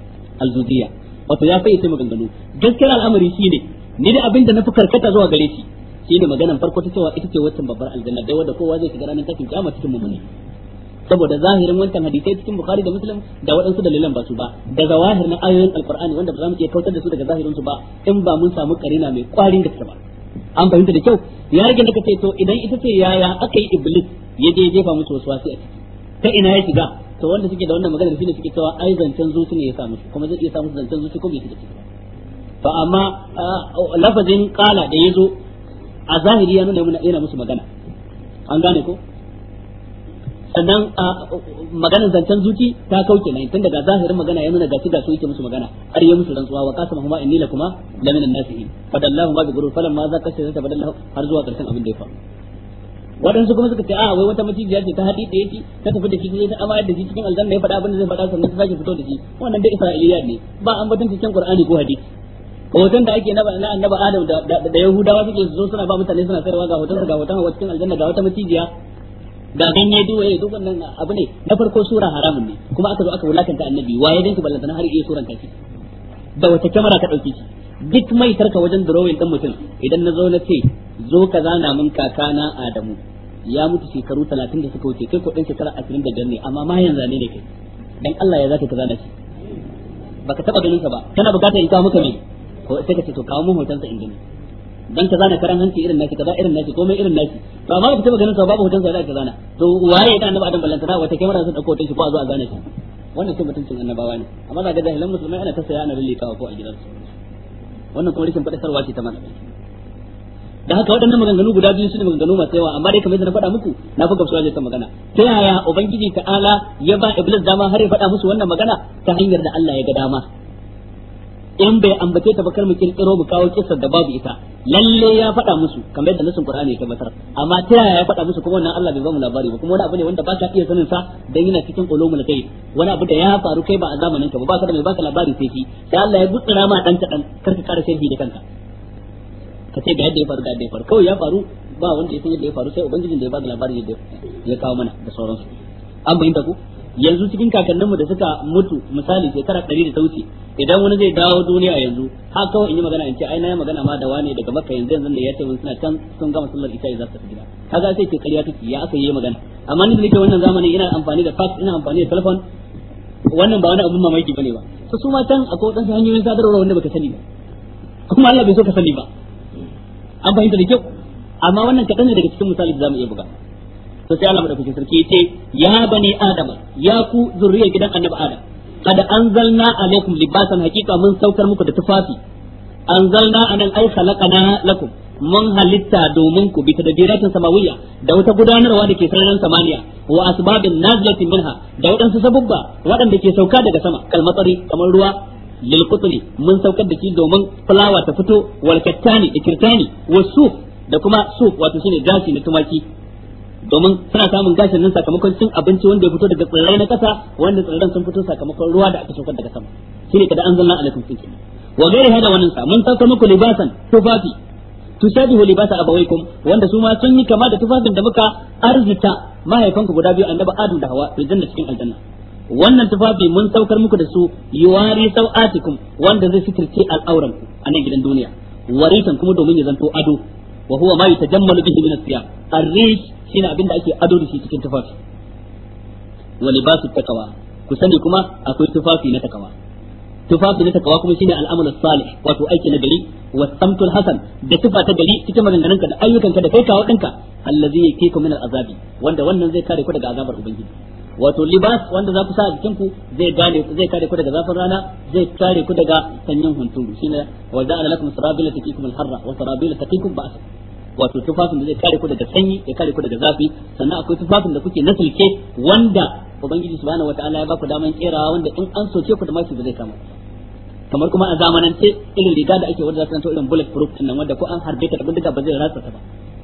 al juziyya wato ya fayyace maganganu gaskiyar al'amari shine ni da abinda na fi karkata zuwa gare shi shine maganan farko ta cewa ita ce wata babbar aljanna dai wanda kowa zai shiga ranar takin kiyama cikin mu ne saboda zahirin wancan hadisai cikin bukhari da muslim da waɗansu dalilan ba su ba da zawahir na ayoyin alqur'ani wanda ba za mu iya kautar da su daga zahirin su ba in ba mun samu karina mai kwarin gaske ba an fahimta da kyau ya rage naka ce to idan ita ce yaya aka yi iblis ya je jefa musu wasu wasu a ciki ta ina ya shiga to wanda suke da wannan magana shine suke cewa ai zancen zuci ne ya samu musu kuma zai iya samu musu zancen zuci ko bai shiga ciki to amma lafazin kala da yazo a zahiri ya nuna yana musu magana an gane ko sannan a maganar zancen zuci ta kauce ne tun daga zahirin magana ya nuna ga shi ga su yake musu magana har yi musu rantsuwa wa qasama huma inni kuma la minan nasihin fadallahu ba bi gurur falam ma za kashe zata fadallahu har zuwa karshen abin da ya faru waɗansu kuma suka ce a wai wata macijiya ce ta haɗi da yake ta tafi da shi ta amayar da shi cikin aljanna ya faɗa abin da zai faɗa sannan ta sake fito da shi wannan dai isra'iliya ne ba an batun cikin qur'ani ko hadisi hoton da ake naba na annaba adam da yahudawa suke zo suna ba mutane suna sayarwa ga hoton ga hoton a cikin aljanna ga wata macijiya da ganye duwa duwaye duk wannan abu ne na farko sura haramun ne kuma aka zo aka wulakanta annabi wa ya danki ballantana har iya suran kaci da wata kyamara ka dauki shi duk mai tarka wajen drawing din mutum idan na zo na ce zo ka zana min kakana Adamu ya mutu shekaru 30 da suka wuce kai ko dan shekara 25 ne amma ma yanzu ne da kai dan Allah ya zaka ka zana shi baka taba ganin ka ba kana bukatar in kawo maka ne ko sai ka ce to kawo mun hoton sa in dan ka zana karan hanci irin naki kaza irin naki komai irin naki to amma ba ta maganin sa babu hoton sa da kaza na to waye da annabi adam ballanta wata kamera sun dauko hoton shi ko a zo a gane shi wannan sai mutuncin annabawa ne amma za ga jahilan musulmai ana ta saya ana kawo ko a gidansu wannan kuma rikin fadakarwa ce ta mana da haka waɗannan maganganu guda biyu suna maganganu masu yawa amma dai kamar yadda na faɗa muku na fi gamsuwa ta magana ta yaya ubangiji ta'ala ya ba iblis dama har ya faɗa musu wannan magana ta hanyar da Allah ya ga dama in bai ambace ta ba kar mu kirkiro mu kawo kissar da babu ita lalle ya faɗa musu kamar yadda nasin qur'ani ya tabbatar amma ta yaya ya faɗa musu kuma wannan Allah bai ba mu labari ba kuma wani abu ne wanda ba ka iya sanin sa dan yana cikin ulumul kai wani abu da ya faru kai ba a zamanin ka ba ka da mai baka labari sai shi dan Allah ya gutsura ma dan dan kar ka ƙara sharhi da kanka ka ce ga yadda ya faru ga yadda ya faru kawai ya faru ba wanda ya san yadda ya faru sai ubangijin da ya baka labari ya kawo mana da sauransu an bayyana ku yanzu cikin kakanninmu da suka mutu misali shekara ɗari da ta wuce idan wani zai dawo duniya a yanzu ha kawai in yi magana in ce ai na yi magana ma da wane daga maka yanzu yanzu da ya ce mun suna can sun gama sallar isha'i za su tafi gida kaga sai ce ƙarya take ya aka yi magana amma ni da nake wannan zamanin ina amfani da fax ina amfani da telefon wannan ba wani abun mamaki bane ba to su ma can akwai wadansu hanyoyin sadarwa wanda baka sani ba kuma Allah bai so ka sani ba an fahimta da kyau amma wannan kaɗan ne daga cikin misali da zamu iya buga to sai Allah madaukakin sarki yace ya bani adama ya ku zurriyar gidan annabi adam kada anzalna alaikum libasan hakika mun saukar muku da tufafi anzalna anan ai khalaqana lakum mun halitta domin ku bi tadbiratin samawiyya da wata gudanarwa da ke sararin samaniya wa asbabin nazlati minha da waɗansu sabubba waɗanda ke sauka daga sama kalmatsari kamar ruwa lil mun saukar da shi domin fulawa ta fito wal kattani da kirtani wasu da kuma su wato shine gashi na tumaki domin suna samun gashin nan sakamakon cin abinci wanda ya fito daga tsirrai na kasa wanda tsirran sun fito sakamakon ruwa da aka saukar daga sama shine kada an zanna alaikum sun kenan wa gairi hada wannan sa mun sauka muku libasan tufafi tushabihu libasa abawaykum wanda su ma sun yi kama da tufafin da muka arzita mahaifanku guda biyu annabi adam da hawa da janna cikin aljanna wannan tufafi mun saukar muku da su yuwari sau'atikum wanda zai al'auran al'auranku a nan gidan duniya waritan kuma domin ya zanto ado wa huwa ma yatajammalu bihi min as-siyam ar-rish shine abin da ake ado da shi cikin tufafi wa libasu takawa ku sani kuma akwai tufafi na takawa tufafi na takawa kuma shine al'amalu salih wato aiki na gari wa samtul hasan da tufa ta gari cikin maganganunka da ayyukanka da kai kawo dinka allazi yakiku min al'azabi wanda wannan zai kare ku daga azabar ubangiji wato libas wanda za ku sa a jikinku zai gane zai kare ku daga zafin rana zai kare ku daga sanyin hunturu shine wa ja'ala lakum sarabila taqikum al-harra wa sarabila taqikum ba'sa wato tufafin da zai kare ku daga sanyi ya kare ku daga zafi sannan akwai tufafin da kuke na silke wanda ubangiji subhanahu wataala ya ba daman kerawa wanda in an soke ku da maki ba zai kama kamar kuma a zamanance irin riga da ake wanda za ta irin bullet proof din nan wanda ko an harbe ka da bindiga ba zai ratsa ta ba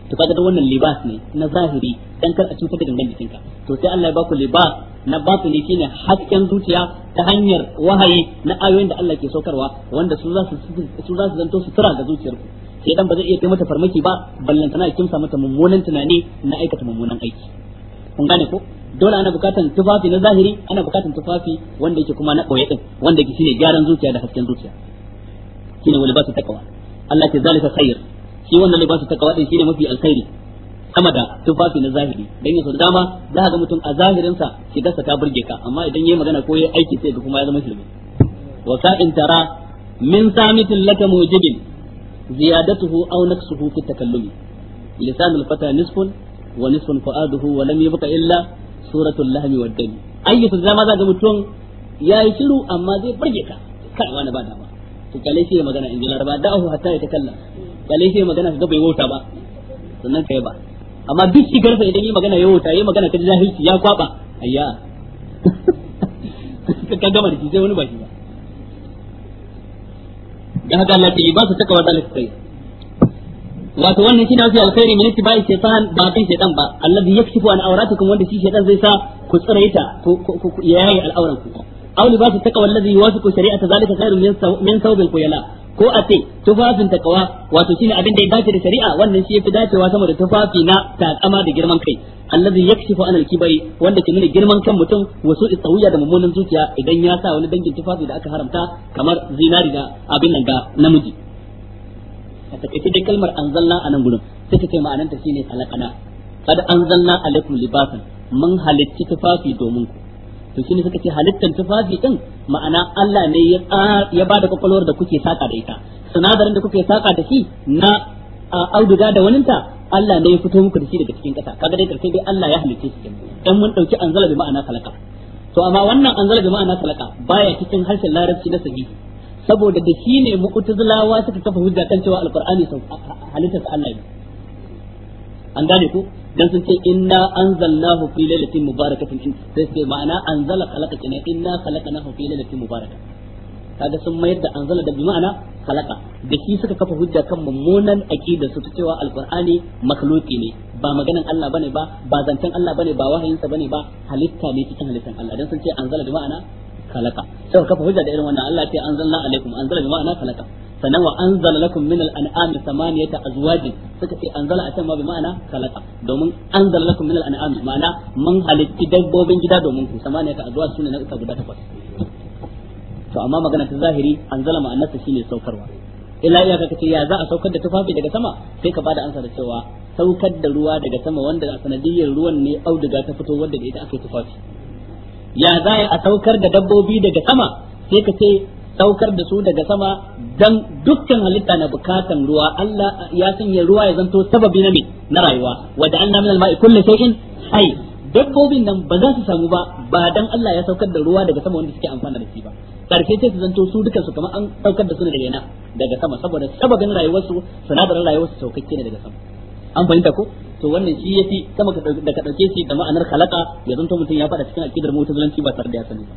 to kaga wannan libas ne na zahiri dan kar a cutar da gangan jikinka to sai Allah ya baku libas na ne shine hasken zuciya ta hanyar wahayi na ayoyin da Allah ke saukarwa wanda su za su su za su zanto sutura ga zuciyarku dan ba zai iya kai mata farmaki ba ballantana ya kimsa mata mummunan tunani na aikata mummunan aiki kun gane ko dole ana bukatan tufafi na zahiri ana bukatan tufafi wanda yake kuma na koyi din wanda yake shine gyaran zuciya da hasken zuciya shine wani basu takawa Allah ke zalika khair shi wannan libasu takawa din shine mafi alkhairi sama da tufafi na zahiri dan yaso dama za ka ga mutum a zahirin sa shigarsa ta burge ka amma idan yayi magana ko yayi aiki sai ga kuma ya zama shirme wa sa'in tara min samitin laka mujibin ziyadatuhu aw naqsuhu fi takallumi lisan al-fata nisfun wa nisfun fu'aduhu wa lam yabqa illa suratul lahmi wad dami ayyatu zama za ga mutum yayi shiru amma zai burge ka kai wani ba dama kale shi magana in ji laraba da'ahu hatta ya takalla kale shi magana ka ga bai wauta ba sannan kai ba amma duk shi garfa idan yi magana ya wauta yi magana ya kwaba ayya ka gama shi sai wani ba shi ba da haka Allah ba su takawa zalika kai wato wannan shi ne mafi alkhairi min ittiba'i shaytan ba kan shaytan ba allazi yakshifu an awratukum wanda shi shaytan zai sa ku tsiraita ku yayi al'auran ku aw libasu taqwa allazi yuwafiqu shari'ata zalika khairun min min thawbil quyala ko a ce tufafin kawa wato shine abin da ya dace da shari'a wannan shi yafi dacewa sama da tufafi na takama da girman kai allazi yakshifu an al-kibari wanda ke nuna girman kan mutum wasu tsawiya da mummunan zuciya idan ya sa wani dangin tufafi da aka haramta kamar zinari da abin nan ga namiji a takaice dai kalmar anzalna a nan gurin sai ta ce ma'ananta shine alaqana kada anzalna alaikum libasan mun halicci tufafi domin ku to ne suka ce halittar tufafi din ma'ana Allah ne ya ba da kwakwalwar da kuke saka da ita sinadarin da kuke saka da shi na auduga da waninta Allah ne ya fito muku da shi daga cikin kasa kaga dai karfe dai Allah ya halitta shi dan mun dauki anzala bi ma'ana talaka to amma wannan anzala bi ma'ana talaka baya cikin harshen larabci na sahihi saboda da shi ne mu'tazilawa suka kafa hujja kan cewa alqur'ani halitta Allah ne an gane ku dan sun ce inna anzalnahu fi lailatin mubarakatin in sai sai ma'ana anzala khalaqa ne inna khalaqnahu fi lailatin mubarakah kaga sun mayar da anzala da bi ma'ana khalaqa da shi suka kafa hujja kan mummunan aqida su cewa alqur'ani makhluqi ne ba maganan Allah bane ba ba zancen Allah bane ba wahayin sa bane ba halitta ne cikin halittan Allah dan sun ce anzala bi ma'ana khalaqa sai kafa hujja da irin wannan Allah ya ce anzalna alaikum anzala bi ma'ana khalaqa sanan wa anzala lakum min al-an'ami thamaniyata azwaj suka ce anzala a can ma bi ma'ana khalaqa domin anzala lakum min al-an'ami ma'ana mun halitti dabbobin gida domin ku thamaniyata azwaj sune na uka guda takwas to amma magana ta zahiri anzala ma'anarsa shine saukarwa ila iya ka ce ya za a saukar da tufafi daga sama sai ka bada ansa da cewa saukar da ruwa daga sama wanda a sanadiyar ruwan ne auduga ta fito wanda da ita aka yi tufafi ya za a saukar da dabbobi daga sama sai ka ce daukar da su daga sama dan dukkan halitta na bukatan ruwa Allah ya sanya ruwa ya zanto sababi na me na rayuwa wa ja'alna min al-ma'i kullu shay'in hayy dabbobin nan ba za su samu ba ba dan Allah ya saukar da ruwa daga sama wanda suke amfana da shi ba karshe ce su zanto su dukan su kamar an saukar da su daga yana daga sama saboda sababin rayuwarsu sanadarin rayuwarsu saukakke ne daga sama an fahimta ko to wannan shi yafi sama da ka dauke shi da ma'anar khalaqa ya zanto mutum ya fada cikin akidar mu'tazilanci ba tare da ya sani ba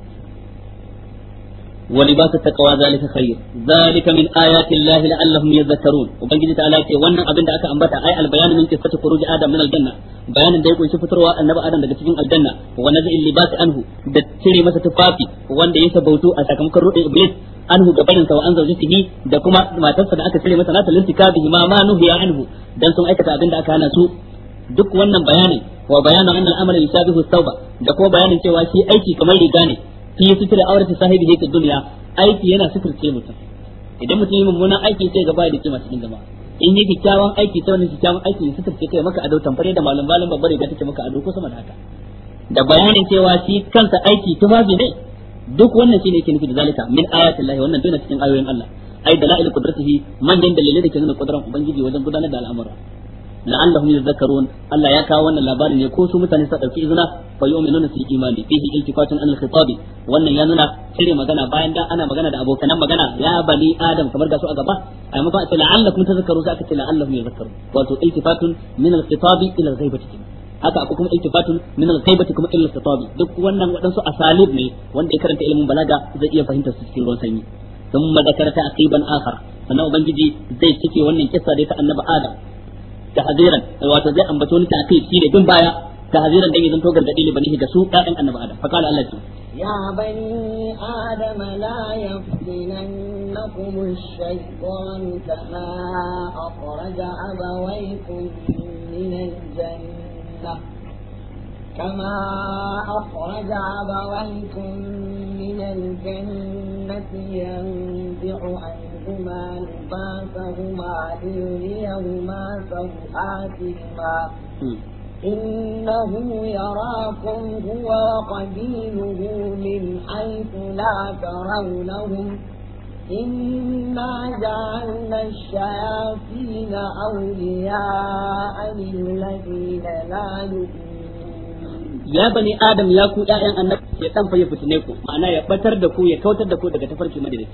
ولباس التقوى ذلك خير ذلك من آيات الله لعلهم يذكرون وبنجي تعالى كي وانا أبن دعك أنبتا أي البيان من قصة خروج آدم من الجنة بيان دعك ويشوف تروى النبى آدم دعك تجين الجنة ونزع اللباس عنه دتشري مسا تفافي وان دعيس بوتو أتاكم كرو إبليس anhu gabanin sa wa an zawjatihi da kuma matarsa da aka cire masa nata lintikabihi ma ma ya anhu dan sun aikata abin da aka hana su duk wannan bayanin wa bayanu anna al-amala yusabihu tauba da kuma bayanin cewa shi aiki kamar riga ne fi sutura aurati sahibi ne ta duniya aiki yana suturce mutum idan mutum yi mummunan aiki sai gaba da ke masu gindama in yi kyakkyawan aiki ta wani kyakkyawan aiki ne suturce kai maka ado tamfare da malam malam babbar riga take maka ado ko sama da haka da bayanin cewa shi kansa aiki tufafi ne duk wannan shine yake nufi da zalika min ayati lahi wannan duna cikin ayoyin Allah ai dalail qudratihi manyan dalilai da ke nuna kudaran ubangiji wajen gudanar da al'amura la'allahum yadhakkarun Allah ya kawo wannan labarin ne ko su mutane su dauki izina fa yu'minuna fi imani fihi iltifatun al khitabi wannan ya nuna cire magana bayan da ana magana da abokan magana ya bani adam kamar ga su a gaba ai mafa ta la'allakum tadhakkaru sai aka ce la'allahum yadhakkarun wato iltifatun min al khitabi ila al ghaibati haka akwai kuma iltifatun min al-ghaibati kuma illa al duk wannan wadansu asalib ne wanda ya karanta ilimin balaga zai iya fahimtar su cikin ruwan sanyi thumma zakarta aqiban akhar sannan ubangiji zai cike wannan kissa da ta annabi tahziran wato zai ambato ni ta'kid shi ne bin baya tahziran dan yanzu to gargadi ne bani ga su ƴaƴan annabi adam fa qala Allah ya bani adam la yaftinannakum ash-shaytan kama akhraja abawaykum min al-jannah كما أخرج عبويكم من الجنة ينزع عنهما لباسهما ليريهما سوآتهما إنه يراكم هو وقبيله من حيث لا ترونهم إنا جعلنا الشياطين أولياء للذين لا يؤمنون ya bani adam ya ku ƴaƴan annabi ya dan ya fitine ku ma'ana ya batar da ku ya kautar da ku daga tafarki madalici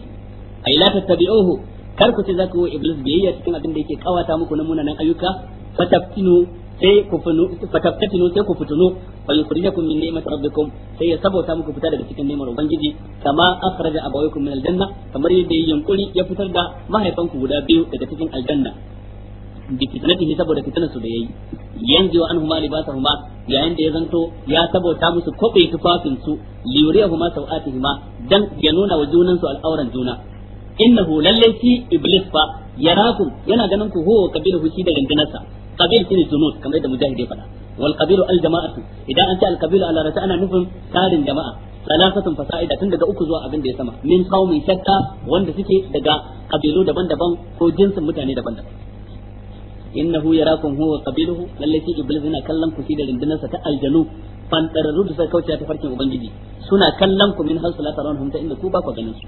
ai la tattabi'uhu kar ku ce za ku iblis biyayya cikin abin da yake kawata muku na munanan ayyuka fataftinu sai ku funu fataftinu sai ku fitunu wa yukhrijukum min ni'mati rabbikum sai ya sabota muku fita daga cikin ni'mar ubangiji kama akhraja abawaykum min aljanna kamar yadda yankuri ya fitar da mahaifanku guda biyu daga cikin aljanna bi fitnatihi saboda fitana su da yayi yanzu wa basu huma, yayin da ya zanto ya sabota musu kobe tufafin su liyuriyahuma sawatihima dan ya nuna wa junansu su al'auran juna innahu lalle iblis fa yarakum yana ganin ku huwa kabiru shi da rindinarsa qabil shine junud kamar da mujahid ya faɗa wal qabilu al jama'atu idan an ci al qabilu ala ana nufin tarin jama'a salasatun fasa'ida tun daga uku zuwa abin da ya sama min qaumin shakka wanda suke daga kabilu daban-daban ko jinsin mutane daban-daban innahu yarakum huwa qabiluhu lalle iblis yana kallon ku shi da rindinarsa ta aljanu fantararru da suka kauce ta farkin ubangiji suna kallon ku min hal salata ranhum ta inda ku ba ku ganin su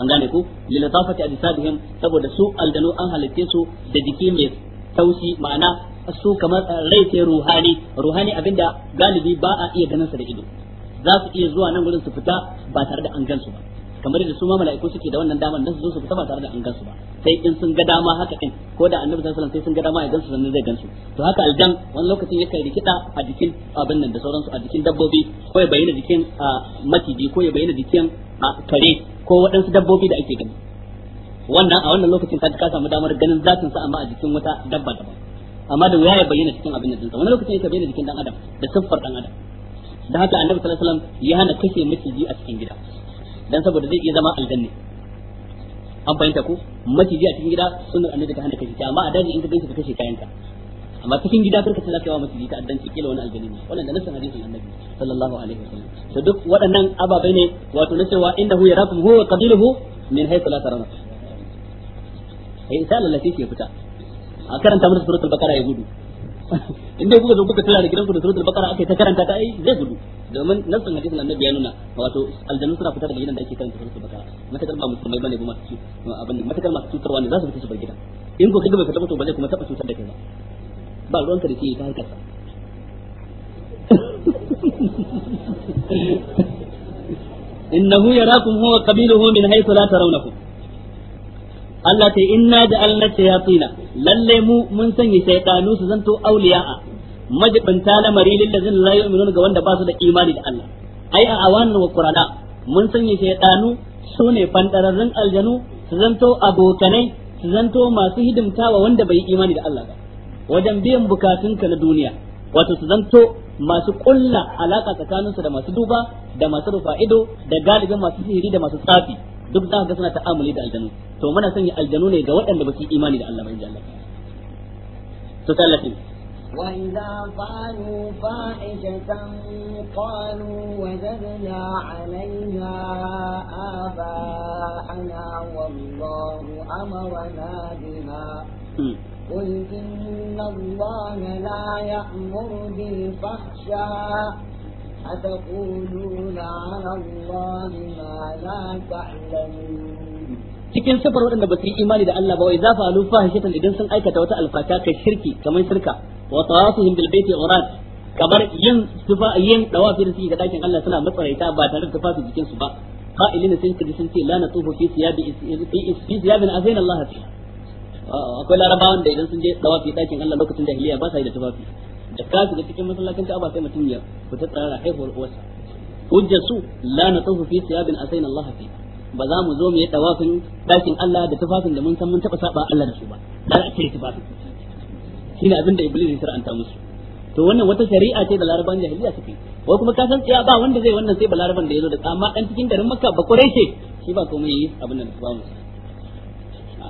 an gane ku lil abisabihim saboda su aljanu an halitte su da jiki mai taushi ma'ana su kamar rai ce ruhani ruhani abinda galibi ba a iya ganin sa da ido za su iya zuwa nan gurin su fita ba tare da an su ba kamar da su ma mala'iku suke da wannan damar dan su zo su fita ba tare da an gansu ba sai in sun ga dama haka din ko da annabi sallallahu alaihi wasallam sai sun ga dama ya gansu sannan zai gansu to haka aljan wani lokacin yakan rikita a jikin abin nan da sauransu a jikin dabbobi ko ya bayyana jikin maciji ko ya bayyana jikin kare ko waɗansu dabbobi da ake gani wannan a wannan lokacin ka samu damar ganin zatin sa amma a jikin wata dabba daban amma da wuya ya bayyana cikin abin nan wani lokacin ya bayyana jikin dan adam da siffar dan adam da haka annabi sallallahu alaihi wasallam ya hana kashe maciji a cikin gida dan saboda zai iya zama aljanni an fahimta ko maciji a cikin gida sunan annabi ta hana kashi amma a daji in ka ganshi ka kashe kayanka amma cikin gida karka ce zaka yawa maciji ta addanci kila wani aljani ne wannan da nasan hadisin annabi sallallahu alaihi wasallam to duk waɗannan ababai ne wato na cewa hu yarakum huwa qabiluhu min haythu la tarawna ai eh, isa lallati ke fita a karanta masa suratul baqara ya gudu inda kuka zo kuka tura da gidanku da suratul baqara akai ta karanta ta ai zai gudu domin nassin hadisin annabi ya nuna wato aljannu suna fitar da gidan da ake karanta suratul baqara matakar ba musulmai bane kuma su abin da matakar masu cutarwa ne za su fita su bar gidan in ko kaga bai fita mutu ba zai kuma taba cutar da kai ba ba ruwanka da shi ta harkarsa innahu yarakum huwa qabiluhu min haythu la tarawnakum Allah ta inna ja'alna shayatina lalle mu mun sanya shaytanu su zanto auliya'a majibanta lamari lillazin la yu'minuna ga wanda ba su da imani da Allah ai a awan wa qurana mun sanya shaytanu su ne fantararrun aljanu su zanto abokanai su zanto masu hidimtawa wanda bai imani da Allah ba wajen biyan bukatunka na duniya wato su zanto masu kulla alaka tsakaninsu da masu duba da masu rufa ido da galibin masu sihiri da masu tsafi duk da ga suna ta'amuli da aljanu to muna sanya aljanu ne ga waɗanda ba su imani da Allah ba inji Allah to tallafi وإذا فعلوا فاحشة قالوا وجدنا عليها آباءنا والله أمرنا بها قل إن الله لا يأمر بالفحشاء أتقولون على الله ما لا تعلمون cikin sifar waɗanda ba su yi imani da Allah ba wai za fa'alu fahishatan idan sun aikata wata alfata kai shirki kamar shirka wa tawafuhum bil baiti urat kamar yin tufa yin dawafi da suke ga dakin Allah suna matsaraita ba tare da tufafi jikin su ba qa'ilina sun kaji sun ce la natufu fi siyabi fi siyabin azina Allah fi akwai larabawan da idan sun je dawafi dakin Allah lokacin da jahiliya ba sa yi da tufafi da ka shiga cikin masallacin Ka'aba sai mutum ya fita tsara haihuwar uwarsa hujjar su la natahu fi thiyabin asaina Allah fi ba za mu zo mu yi tawafin dakin Allah da tufafin da mun san mun taba saba Allah da su ba dan a cire tufafin shine abin da Iblis ya shar'anta musu to wannan wata shari'a ce da laraban jahiliya suke wai kuma ka san tsaya ba wanda zai wannan sai balaraban da yazo da amma dan cikin garin Makka ba kureshe shi ba komai yi abin da ba mu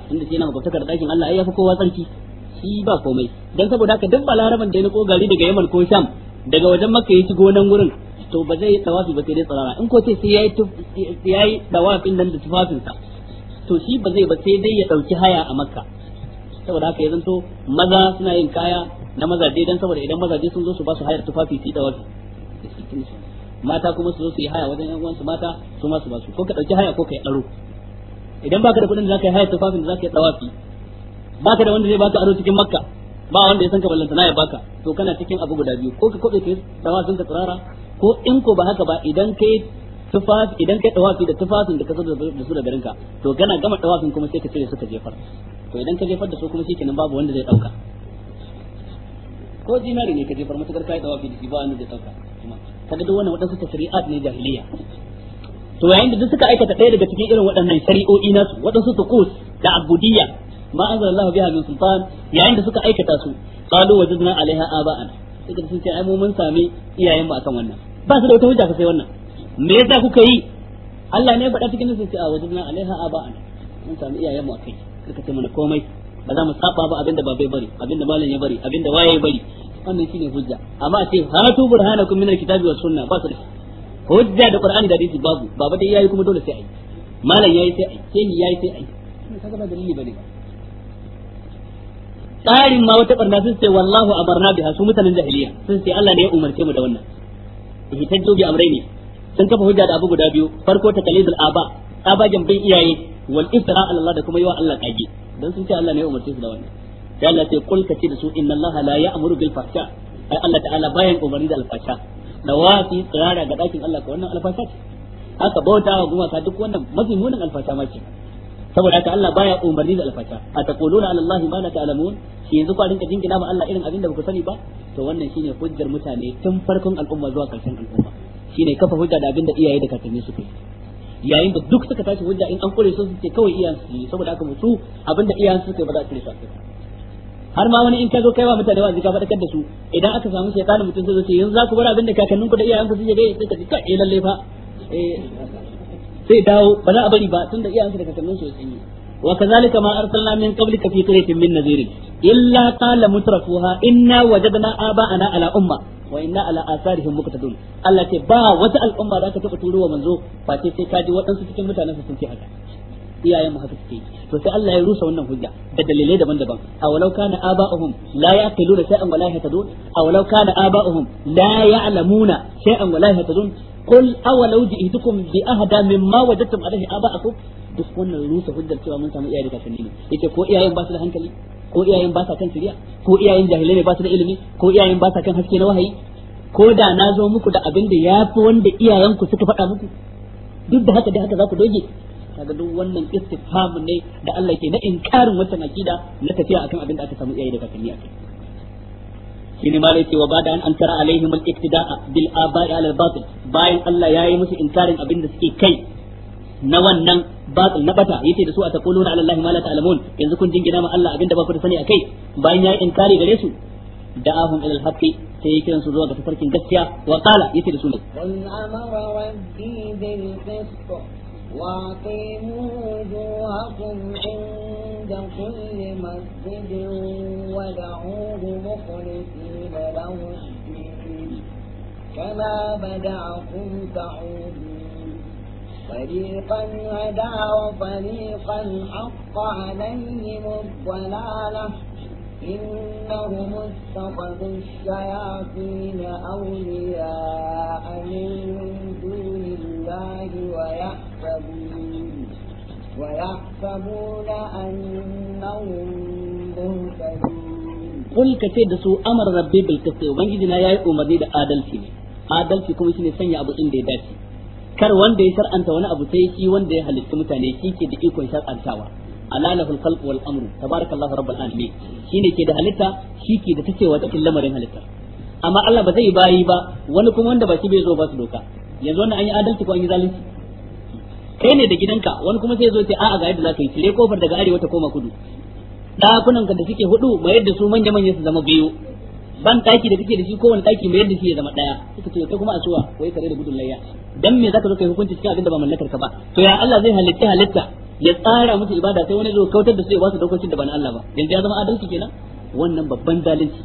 tunda shi yana makwabtaka da dakin Allah ai yafi kowa tsarki shi ba komai dan saboda haka duk balaraban da ya niko gari daga Yaman ko Sham daga wajen Makka ya shigo nan gurin to ba zai yi tawafi ba sai dai tsirara in ko sai sai yayi yayi tawafin nan da tufafin sa to shi ba zai ba sai dai ya dauki haya a Makka saboda haka ya zanto maza suna yin kaya na mazaje dan saboda idan mazaje sun zo su ba su hayar tufafi su yi tawafi mata kuma su zo su yi haya wajen yan uwansu mata su ma su ba su ko ka dauki haya ko ka yi aro idan baka da kuɗin da zaka yi haya tufafin da zaka yi tawafi baka da wanda zai baka aro cikin makka ba wanda ya san ka na ya baka to kana cikin abu guda biyu ko ka kobe da tawafin ka tsirara ko in ko ba haka ba idan kai tufaf idan kai tawafi da tufafin da ka zo da su da garin ka to kana gama tawafin kuma sai ka cire suka jefar to idan ka jefar da su kuma shikenan babu wanda zai dauka ko dinari ne ka jefar matakar kai tawafi da ba wanda zai dauka kaga duk wannan wadansu shari'a ne jahiliya to yayin da duk suka aikata ɗaya daga cikin irin waɗannan shari'o'i nasu waɗansu tukus da abudiyya ma anzalallahu biha min sultan yayin da suka aikata su qalu wajadna alaiha aba'ana suka sun ce ai mu mun sami iyayen mu akan wannan ba su da wata hujja sai wannan me yasa kuka yi Allah ne ya faɗa cikin sun ce a wajadna alaiha aba'ana mun sami iyayen mu akai kuka ce mana komai ba za mu saba ba abinda ba bai bari abinda malam ya bari abinda waye ya bari wannan shine hujja amma ce hatu burhanakum min alkitabi was sunnah ba su da hujja da qur'ani da hadisi babu baba dai yayi kuma dole sai ai malam yayi sai ai sai yayi sai ai kaga ba dalili bane ba tsarin ma wata barna sun ce wallahu amarna biha su mutanen jahiliya sun ce Allah ne ya umarce mu da wannan ihtajju bi ne sun kafa hujja da abu guda biyu farko ta kalidul aba abagen bin iyaye wal iftira ala Allah da kuma yawa Allah kage dan sun ce Allah ne ya umarce su da wannan sai Allah sai kul kace da su inna Allah la ya'muru bil fahsha ai Allah ta'ala bayan umarni da alfasha da wafi tsirara ga dakin Allah ko wannan alfasha ce haka bauta wa gumaka duk wannan mafi munin alfasha fahsha ma ce saboda haka Allah baya umarni da alfasha a taquluna ala allahi ma la ta'lamun shi yanzu ku rinka jingina ma Allah irin abin da ku sani ba to wannan shine hujjar mutane tun farkon al'umma zuwa karshen al'umma shine kafa hujja da abin da iyaye da kakanni suka yi yayin da duk suka tashi hujja in an kure su suke kawai iyayen su yi saboda haka mutu abin da iyayen suka yi ba za a kure su har ma wani in ka zo kaiwa mutane wa zika fadakar da su idan aka samu shaytanin mutum sai zo ce yanzu za ku bar abin da kakanninku da iyayen ku suke gaya sai ka ji kai eh, lalle fa eh sai dawo ba za a bari ba tun da iyayensa da kakannin su sun yi wa kazalika ma arsalna min qablika fi qaryatin min nadhir illa qala mutrafuha inna wajadna aba'ana ala umma wa inna ala asarihim muqtadun Allah ce ba wata al'umma da aka taba turo wa manzo face sai kaji waɗansu cikin mutanen su sun ce haka iyayen mu haka suke yi to sai Allah ya rusa wannan hujja da dalilai daban-daban awalau kana aba'uhum la yaqiluna shay'an wala yahtadun awalau kana aba'uhum la ya'lamuna shay'an wala yahtadun qul awalau ji'tukum bi ahada mimma wajadtum alayhi aba'akum duk wannan rusa hujjar cewa mun samu iyaye da kakanni ne yace ko iyayen ba su da hankali ko iyayen ba sa kan shari'a ko iyayen jahilai ne ba su da ilimi ko iyayen ba sa kan haske na wahayi ko da na zo muku da abin da ya fi wanda iyayenku suka faɗa muku duk da haka da haka za ku doge kaga duk wannan istifham ne da Allah ke na inkarin wannan akida na tafiya akan abin da aka samu iyaye da kakanni akai shine malai ce wa bada an antara alaihim al iktida bil aba'i ala al-batil bayan Allah yayi musu inkarin abin da suke kai na wannan batil na bata yace da su a taquluna ala allahi ma la ta'lamun yanzu kun jingina ma Allah abin da ba ku da sani akai bayan yayi inkari gare su da'ahum ila al-haqqi sai ya kiransu zuwa ga tafarkin gaskiya wa qala yace da su ne qul amara rabbi bil qist وأقيموا وجوهكم عند كل مسجد ودعوه مخلصين له الدين كما بدعكم تعودون فريقا هدى وفريقا حق عليهم الضلالة إنهم اتخذوا الشياطين أولياء من دون الله ويأتون مهتدون ويحسبون أنهم مهتدون قل كتير سو أمر ربي بالقسط وبنجدنا يا أمري دا آدلتي آدل كم شيء سنيا أبو إندي داتي kar wanda ya shar'anta wani abu sai shi wanda ya halitta mutane shi ke da ikon shar'antawa alalahul khalq wal amru tabarakallahu rabbul alamin shine ke da halitta shi ke da tacewa cikin lamarin halitta amma Allah ba zai bayi ba wani kuma wanda ba shi bai zo ba su doka yanzu wannan an yi adalci ko an yi zalunci kai ne da gidanka wani kuma sai zo sai a'a ga yadda za ka yi tire kofar daga arewa ta koma kudu dakunan ka da suke hudu mai yadda su manya manya su zama biyu ban taki da kake da shi kowane taki mai yadda shi ya zama daya suka ce ta kuma asuwa wai kare da gudun layya dan me zaka zo kai hukunci cikin abin da ba mallakar ka ba to ya Allah zai halitta halitta ya tsara musu ibada sai wani zo kautar da su ya ba su dokokin da ba na Allah ba yanzu ya zama adalci kenan wannan babban zalunci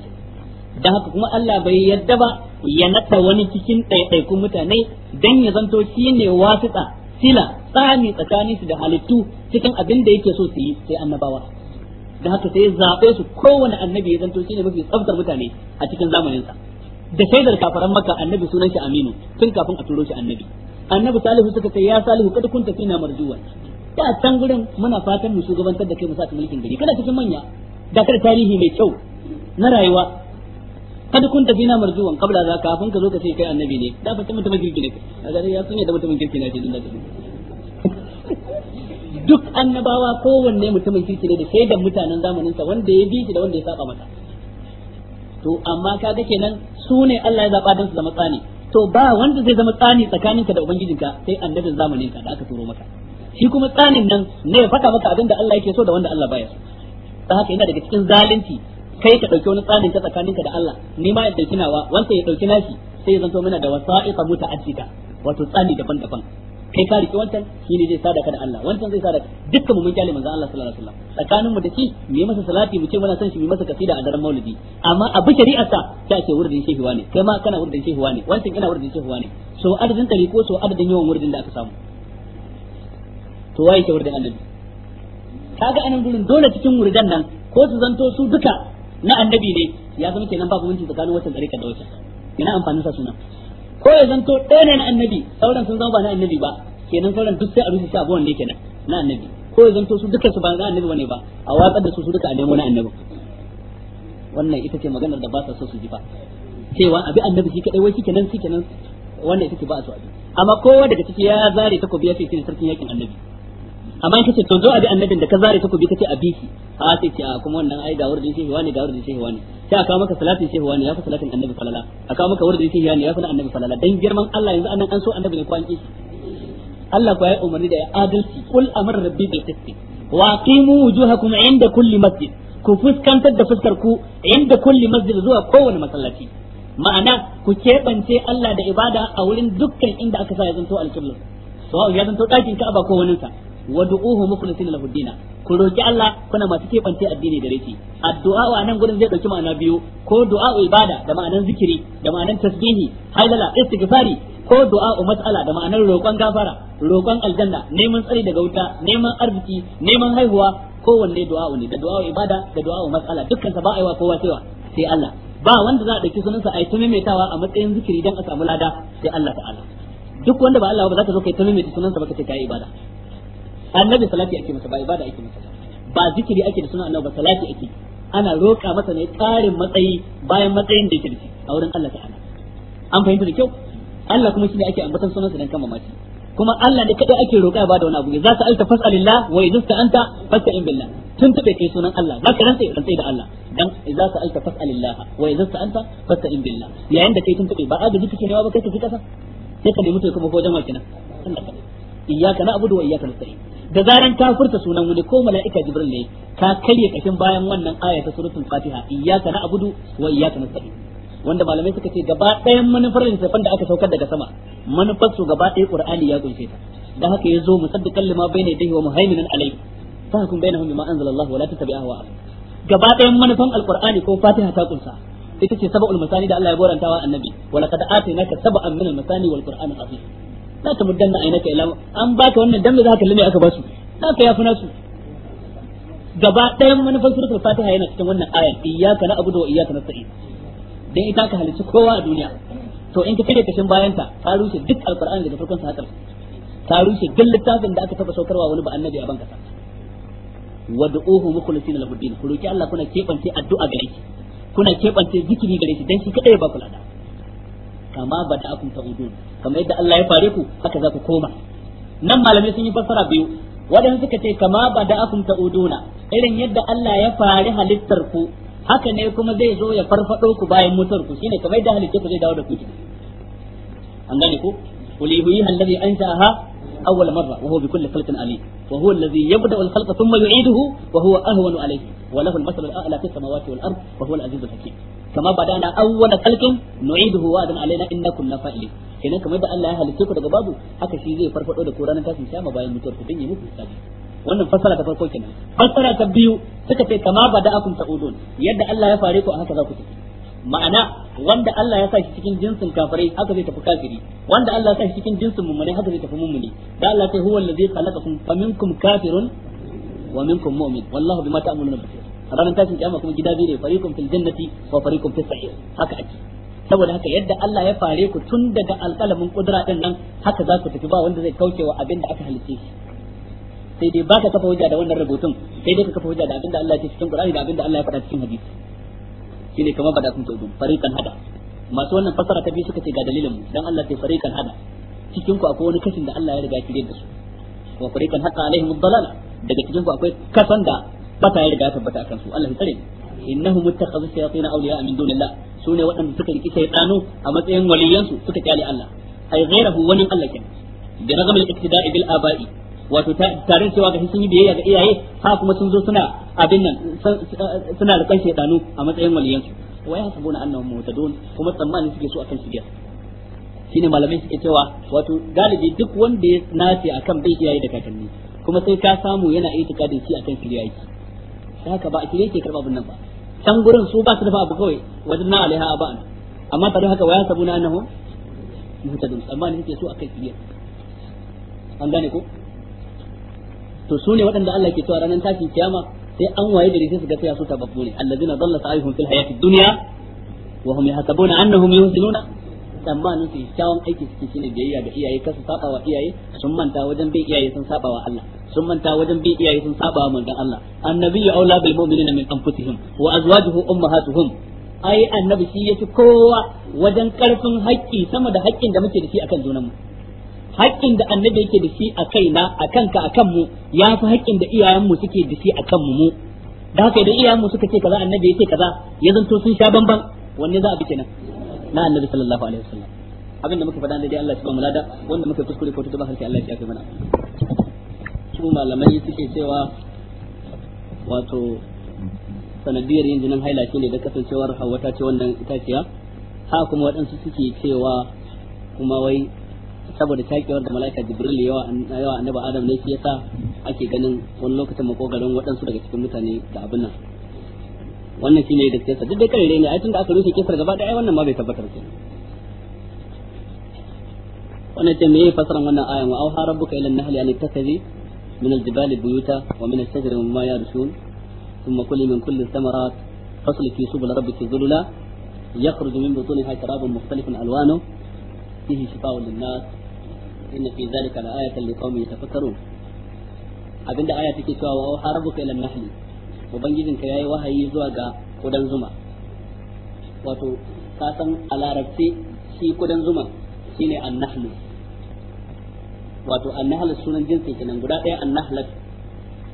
dan haka kuma Allah bai yadda ba ya nata wani cikin ɗaiɗaikun mutane dan ya zanto shi ne sila tsani tsakanin su da halittu cikin abin da yake so su yi sai annabawa da haka sai zaɓe su kowane annabi ya zanto shine mafi tsaftar mutane a cikin zamanin sa. da shaidar kafaran maka annabi sunan shi aminu tun kafin a turo shi annabi annabi salihu suka ce ya salihu kada tafi na marjuwa da can gurin muna fatan mu shugabantar da kai mu sa mulkin gari kana cikin manya da kada tarihi mai kyau na rayuwa kada kun tafi na marjuwan kabla za ka kafin ka zo ka sai kai annabi ne da fata mutum girki ne a gare ya sun da mutumin kirki ne din da duk annabawa kowanne mutumin kirki ne da sai da mutanen zamanin sa wanda ya bi shi da wanda ya saba mata to amma kaga kenan su ne Allah ya zaba dan su zama tsani to ba wanda zai zama tsani tsakaninka da ubangijinka sai annabin zamanin ka da aka turo maka shi kuma tsanin nan ne ya faɗa maka abin da Allah yake so da wanda Allah baya so haka yana daga cikin zalunci kai ka dauki wani tsarin ka tsakaninka da Allah ni ma yadda dauki wanda ya dauki nashi sai zanto mana da wasa'iqa muta'addida wato tsani daban-daban kai ka riki wancan shi ne zai sadaka da Allah wancan zai sadaka dukkan mun kyale manzo Allah sallallahu alaihi wasallam tsakanin mu da shi mu yi masa salati mu ce muna son shi mu masa kasida a daren maulidi amma abu shari'ar sa ta ce wurdin shehuwa ne kai ma kana wurdin shehuwa ne wancan ina wurdin shehuwa ne so adadin dari ko so adadin yawan wurdin da aka samu to waye ke wurdin annabi kaga anan gurin dole cikin wurdan nan ko su zanto su duka na annabi ne ya zama kenan babu wanci tsakanin wacce tsarika da wacce yana amfani sa suna. ko ya zanto ɗaya ne na annabi sauran sun zama ba na annabi ba kenan sauran duk sai a rufe shi ne wanda kenan na annabi ko ya zanto su dukkan su ba na annabi bane ba a watsar da su su duka a nemo na annabi wannan ita ce maganar da ba sa so su ji ba cewa abi annabi shi kadai wai shi kenan shi kenan wannan ita ce ba a su abi amma kowa daga ciki ya zare takobi ya ce shi sarkin yakin annabi amma in kace to zo a bi annabin da ka zare takobi kace a biki ha sai ce a kuma wannan ai ga wurin shehi wani ga wurin shehi wani sai aka maka salatin shehi wani fi salatin annabi sallallahu alaihi wasallam aka maka wurin shehi wani yafi annabi sallallahu dan girman Allah yanzu annan an so annabi ne kwanki Allah ba ya umarni da ya adalci kul amr rabbi bil qisti wa qimu wujuhakum inda kulli masjid ku fuskantar da fuskar ku inda kulli masjid zuwa kowane masallaci ma'ana ku keɓance Allah da ibada a wurin dukkan inda aka sa ya zanto alƙibla sawa'u ya zanto ɗakin Ka'aba ko sa. wad'uhu mukhlisina lahu dina ku roki Allah kuna masu kebance addini da shi addu'a a nan gurin zai dauki ma'ana biyu ko du'a ibada da ma'anan zikiri da ma'anan tasbihi halala istighfari ko du'a mas'ala da ma'anar roƙon gafara roƙon aljanna neman tsari daga wuta neman arziki neman haihuwa kowanne du'a ne da du'a ibada da du'a mas'ala dukkan ta ba a yi wa sai Allah ba wanda za a dauki sunansa a yi ta maimaitawa a matsayin zikiri dan a samu lada sai Allah ta'ala duk wanda ba Allah ba za ka zo kai ta maimaita sunansa ba ka ce kai ibada annabi salati ake masa ba ibada ake masa ba zikiri ake da sunan annabi ba salati ake ana roƙa masa ne ƙarin matsayi bayan matsayin da yake da shi a wurin Allah ta'ala an fahimta da kyau Allah kuma shine ake ambatan sunansa dan kama mace kuma Allah ne kadai ake roƙa ba da wani abu ne za ta alta fasalillah wa idza anta fasta'in billah tun tabe kai sunan Allah za ka rantsa rantsa da Allah dan idza ta alta fasalillah wa idza anta fasta'in billah yayin da kai tun tabe ba agaji kake ne ba kai tafi kasa sai ka nemi to kuma ko jama'a kina Allah iyyaka na'budu wa iyyaka nasta'in da zaran ka furta sunan wani ko mala'ika jibril ne ka karya kashin bayan wannan aya ta suratul fatiha iyyaka na'budu wa iyyaka nasta'in wanda malamai suka ce gaba ɗayan manufar littafin da aka saukar daga sama manufar su gaba ɗaya qur'ani ya kunshe ta da haka yazo musaddiqan lima bayna yadayhi wa muhaiminan alayhi fahkum bainahum bima anzala Allah wa la tattabi ahwa gaba ɗayan manufan alqur'ani ko fatiha ta kunsa ita ce sab'ul masani da Allah ya borantawa annabi wa laqad atainaka sab'an min al-masani wal qur'an azim za la da ainaka ila an baka wannan dan me za ka lame aka za ka yafi nasu gaba ɗayan manufar suratul fatiha yana cikin wannan ayan iyyaka na'budu wa iyyaka nasta'in dan ita ka halici kowa a duniya to in ka cire kashin bayanta ka rushe duk alqur'ani daga farkon sa har ka rushe duk littafin da aka taba saukarwa wani ba annabi a banka wad'uhu mukhlisina lahu din ku roki Allah kuna kebance addu'a gare shi kuna kebance zikiri gare shi dan shi kadai ba kula da kama ba da akum ta'udun kamar yadda Allah ya fare ku haka za ku koma nan malamai sun yi fassara biyu wadanda suka ce kama ba da akum ta'uduna irin yadda Allah ya fari halittar ku haka ne kuma zai zo ya farfado ku bayan mutuwar ku shine kamar yadda halittar ku zai dawo da ku an gane ku alladhi ansha'aha kama badana awwala khalqin nu'iduhu wa adan alaina inna kunna fa'ilin kenan kamar da Allah ya halicce ku daga babu haka shi zai farfado da ku ranar tashin kiyama bayan mutuwar ku dan yi muku hisabi wannan fassara ta farko kenan fassara ta biyu suka ce kama bada'akum ta'udun yadda Allah ya fare ku a haka za ku tafi ma'ana wanda Allah ya sa shi cikin jinsin kafirai haka zai tafi kafiri wanda Allah ya sa shi cikin jinsin mummune haka zai tafi mummune da Allah ta huwa allazi khalaqakum faminkum kafirun wa minkum mu'min wallahu bima ta'maluna basir ranar tashin kiyama kuma gida biyu ne fariqun fil jannati wa fariqun fis sa'ir haka ake saboda haka yadda Allah ya fare ku tun daga alƙalamin kudura din nan haka za ku tafi ba wanda zai kaucewa abin da aka halice shi sai dai baka kafa hujja da wannan rubutun sai dai ka kafa hujja da abin da Allah ya ce cikin Qur'ani da abin da Allah ya faɗa cikin hadisi shine kamar bada sun tudun fariqan hada masu wannan fasara ta biyu suka ce ga dalilin mu dan Allah sai fariqan hada cikin ku akwai wani kashin da Allah ya riga ya kire da su wa fariqan haqa alaihim ad-dalala daga cikin ku akwai kasan da tabbata ya riga ya tabbata akan su Allah ya tsare innahum muttakhadhu shayatin awliya min dunillah sune waɗanda suka riki shaytanu a matsayin waliyan su suka kyale Allah ai ghairahu wani Allah kin da ragam al-iktida'i bil aba'i wato tarin cewa ga sun yi biyayya ga iyaye ha kuma sun zo suna abin nan suna rikan shaytanu a matsayin waliyan su wa yahsabuna annahum muhtadun kuma tsammani suke so akan shirya shine malamai suke cewa wato galibi duk wanda ya nace akan bai iyaye da kakanni kuma sai ka samu yana itikadin shi akan shirya yake haka ba a shirye ke karba abin ba can gurin su ba su dafa abu kawai wajen na alaiha a ba'an amma tare haka waya amma ne suke akai an gane ko to su ne waɗanda Allah ke cewa ranar tashin kiyama sai an waye da sai su ga sai su tababbu ne allazina dalla sa'ihum fil hayatid dunya wa hum yahsabuna annahum yuhsinuna tsammanin su kyakkyawan aiki suke shine biyayya ga iyaye kasu saba wa iyaye sun manta wajen bin iyaye sun saba wa Allah sun manta wajen bin iyaye sun saba wa manzon Allah annabiyyu aula bil mu'minina min anfusihim wa azwajuhu ummahatuhum ai annabi shi yafi kowa wajen karfin haƙƙi sama da haƙƙin da muke da shi akan junanmu haƙƙin da annabi yake da shi a kaina a kanka a kanmu ya fi haƙƙin da iyayenmu suke da shi a kanmu mu da haka idan iyayenmu suka ce kaza annabi ya ce kaza ya zanto sun sha bamban wanne za a bi kenan na annabi sallallahu alaihi wasallam abin da muka faɗa ne dai Allah ba mu lada wanda muka kuskure ko tuba harshe Allah ya kai mana su malamai suke cewa wato sanadiyar yin jinin haila ne da kasancewar hawa ta ce wannan itaciya ha kuma waɗansu suke cewa kuma wai saboda takewar da mala'ika jibril yawa yawa annabi adam ne shi yasa ake ganin wani lokacin makogarin waɗansu daga cikin mutane da abin nan wannan shine gaskiyar sa duk da kare ne ai tunda aka rushe kisar gaba daya wannan ma bai tabbatar ba wannan ce meye fasaran wannan ayan wa auha rabbuka ila an-nahli an tattabi min al-jibal buyuta wa min ash-shajari mimma yarshun thumma kulli min kulli thamarat fasluki subul rabbiki zulula يخرج من بطونها شراب مختلف الوانه فيه شفاء للناس إن في ذلك لآية لقوم يتفكرون أبدا آية كتاب وأوحى ربك إلى النحل ubangijinka yayi wahayi zuwa ga kudan zuma wato ka san a larabci shi kudan zuma shine annahlu wato annahl sunan jinsi kenan guda ɗaya annahl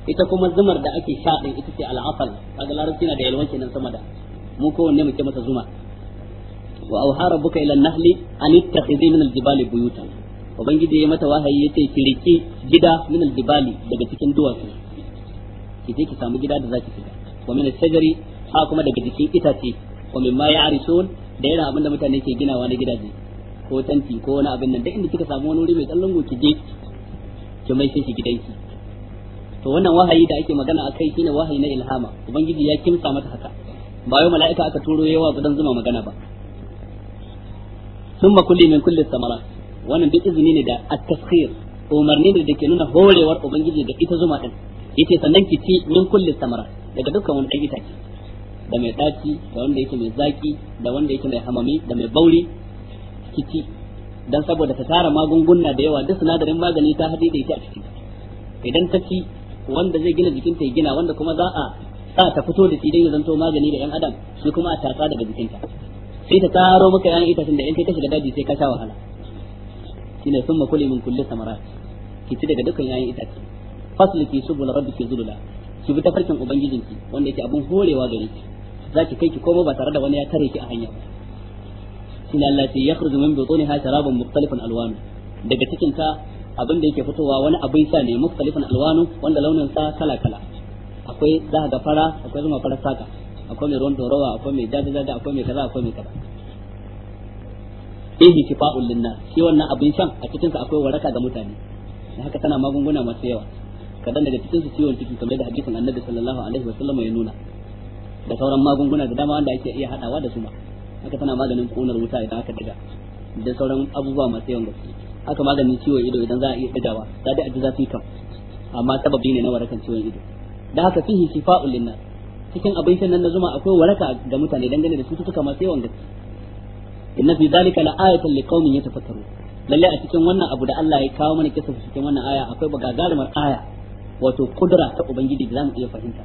ita kuma zumar da ake sha din ita ce al'afal kaga larabci na da yalwan kenan sama da mu ko wanne muke masa zuma wa auha rabbuka ila an-nahli an ittakhidhi min al-jibali buyutan ubangiji ya mata wahayi yace ki riki gida min al daga cikin duwatsu ki je ki samu gida da zaki fita wa min shajari ha kuma daga jikin itace wa min ma ya'risun da yana abin da mutane ke ginawa na gidaje ko tanti ko wani abin nan da inda kika samu wani wuri mai tsallon ki je ki mai shi gidanki to wannan wahayi da ake magana akai shine wahayi na ilhama ubangiji ya kimsa mata haka ba wai mala'ika aka turo yawa gudan zuma magana ba summa kulli min kulli samara wannan duk izini ne da at-taskhir umarni ne da ke nuna horewar ubangiji da ita zuma din yace sannan ki ci min kulli samara daga dukkan wani dan itace da mai ɗaci da wanda yake mai zaki da wanda yake mai hamami da mai bauri ki ci dan saboda ta tara magunguna da yawa duk sinadarin magani ta hade da ita a ciki idan ta ci wanda zai gina jikinta ya gina wanda kuma za a sa ta fito da idan ya zanto magani da yan adam shi kuma a tatsa daga jikinta sai ta taro maka yan itacen da in kai ka shiga daji sai ka sha wahala shine summa kulli min kulli samarat ki ci daga dukkan yayin itacen. fasliki subul rabbiki zulula ki bi tafarkin ubangijinki wanda yake abun horewa gare ki zaki kai ki komo ba tare da wani ya tare ki a hanya ba shine Allah ce yakhruju min butuniha sharabun mukhtalifan alwan daga cikin ta abin da yake fitowa wani abin sha ne mukhtalifan alwan wanda launin sa kala kala akwai za ga fara akwai zuma fara saka akwai mai ruwan dorawa akwai mai dadi dadi akwai mai kaza akwai mai kaza ki fa'ul linna shi wannan abin shan a cikin sa akwai waraka ga mutane haka tana magunguna masu yawa kadan daga cikin su ciwon ciki kamar da hadisin annabi sallallahu alaihi wa sallam ya nuna da sauran magunguna da dama wanda ake iya hadawa da su ma haka tana maganin konar wuta idan aka daga da sauran abubuwa masu yawan gaske haka maganin ciwon ido idan za a iya dagawa da dai aji ji zafi kan amma sababi ne na warakan ciwon ido da haka fihi shifa'ul linnas cikin abincin nan na zuma akwai waraka ga mutane dangane da cututtuka masu yawan gaske inna fi zalika la'ayatan liqaumin yatafakkarun lalle a cikin wannan abu da Allah ya kawo mana kisa cikin wannan aya akwai bagagarumar aya wato kudura ta ubangiji da zamu iya fahimta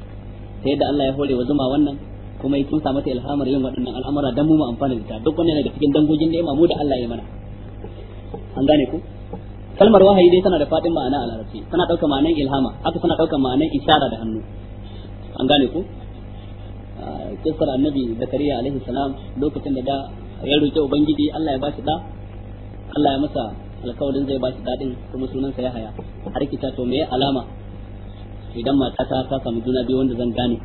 ta yadda Allah ya hore wa zuma wannan kuma ya tusa mata ilhamar yin waɗannan al'amura dan mu mu amfana da ta duk wannan daga cikin dangogin da mu da Allah ya mana an gane ku kalmar wahayi dai tana da fadin ma'ana a larabci tana daukar ma'anar ilhama haka tana daukar ma'anar isara da hannu an gane ku kisar annabi zakariya alaihi salam lokacin da da ya roki ubangiji Allah ya bashi da Allah ya masa alkawarin zai bashi dadin kuma sunansa ya haya har kita to me alama idan mata ta ta samu juna biyu wanda zan gane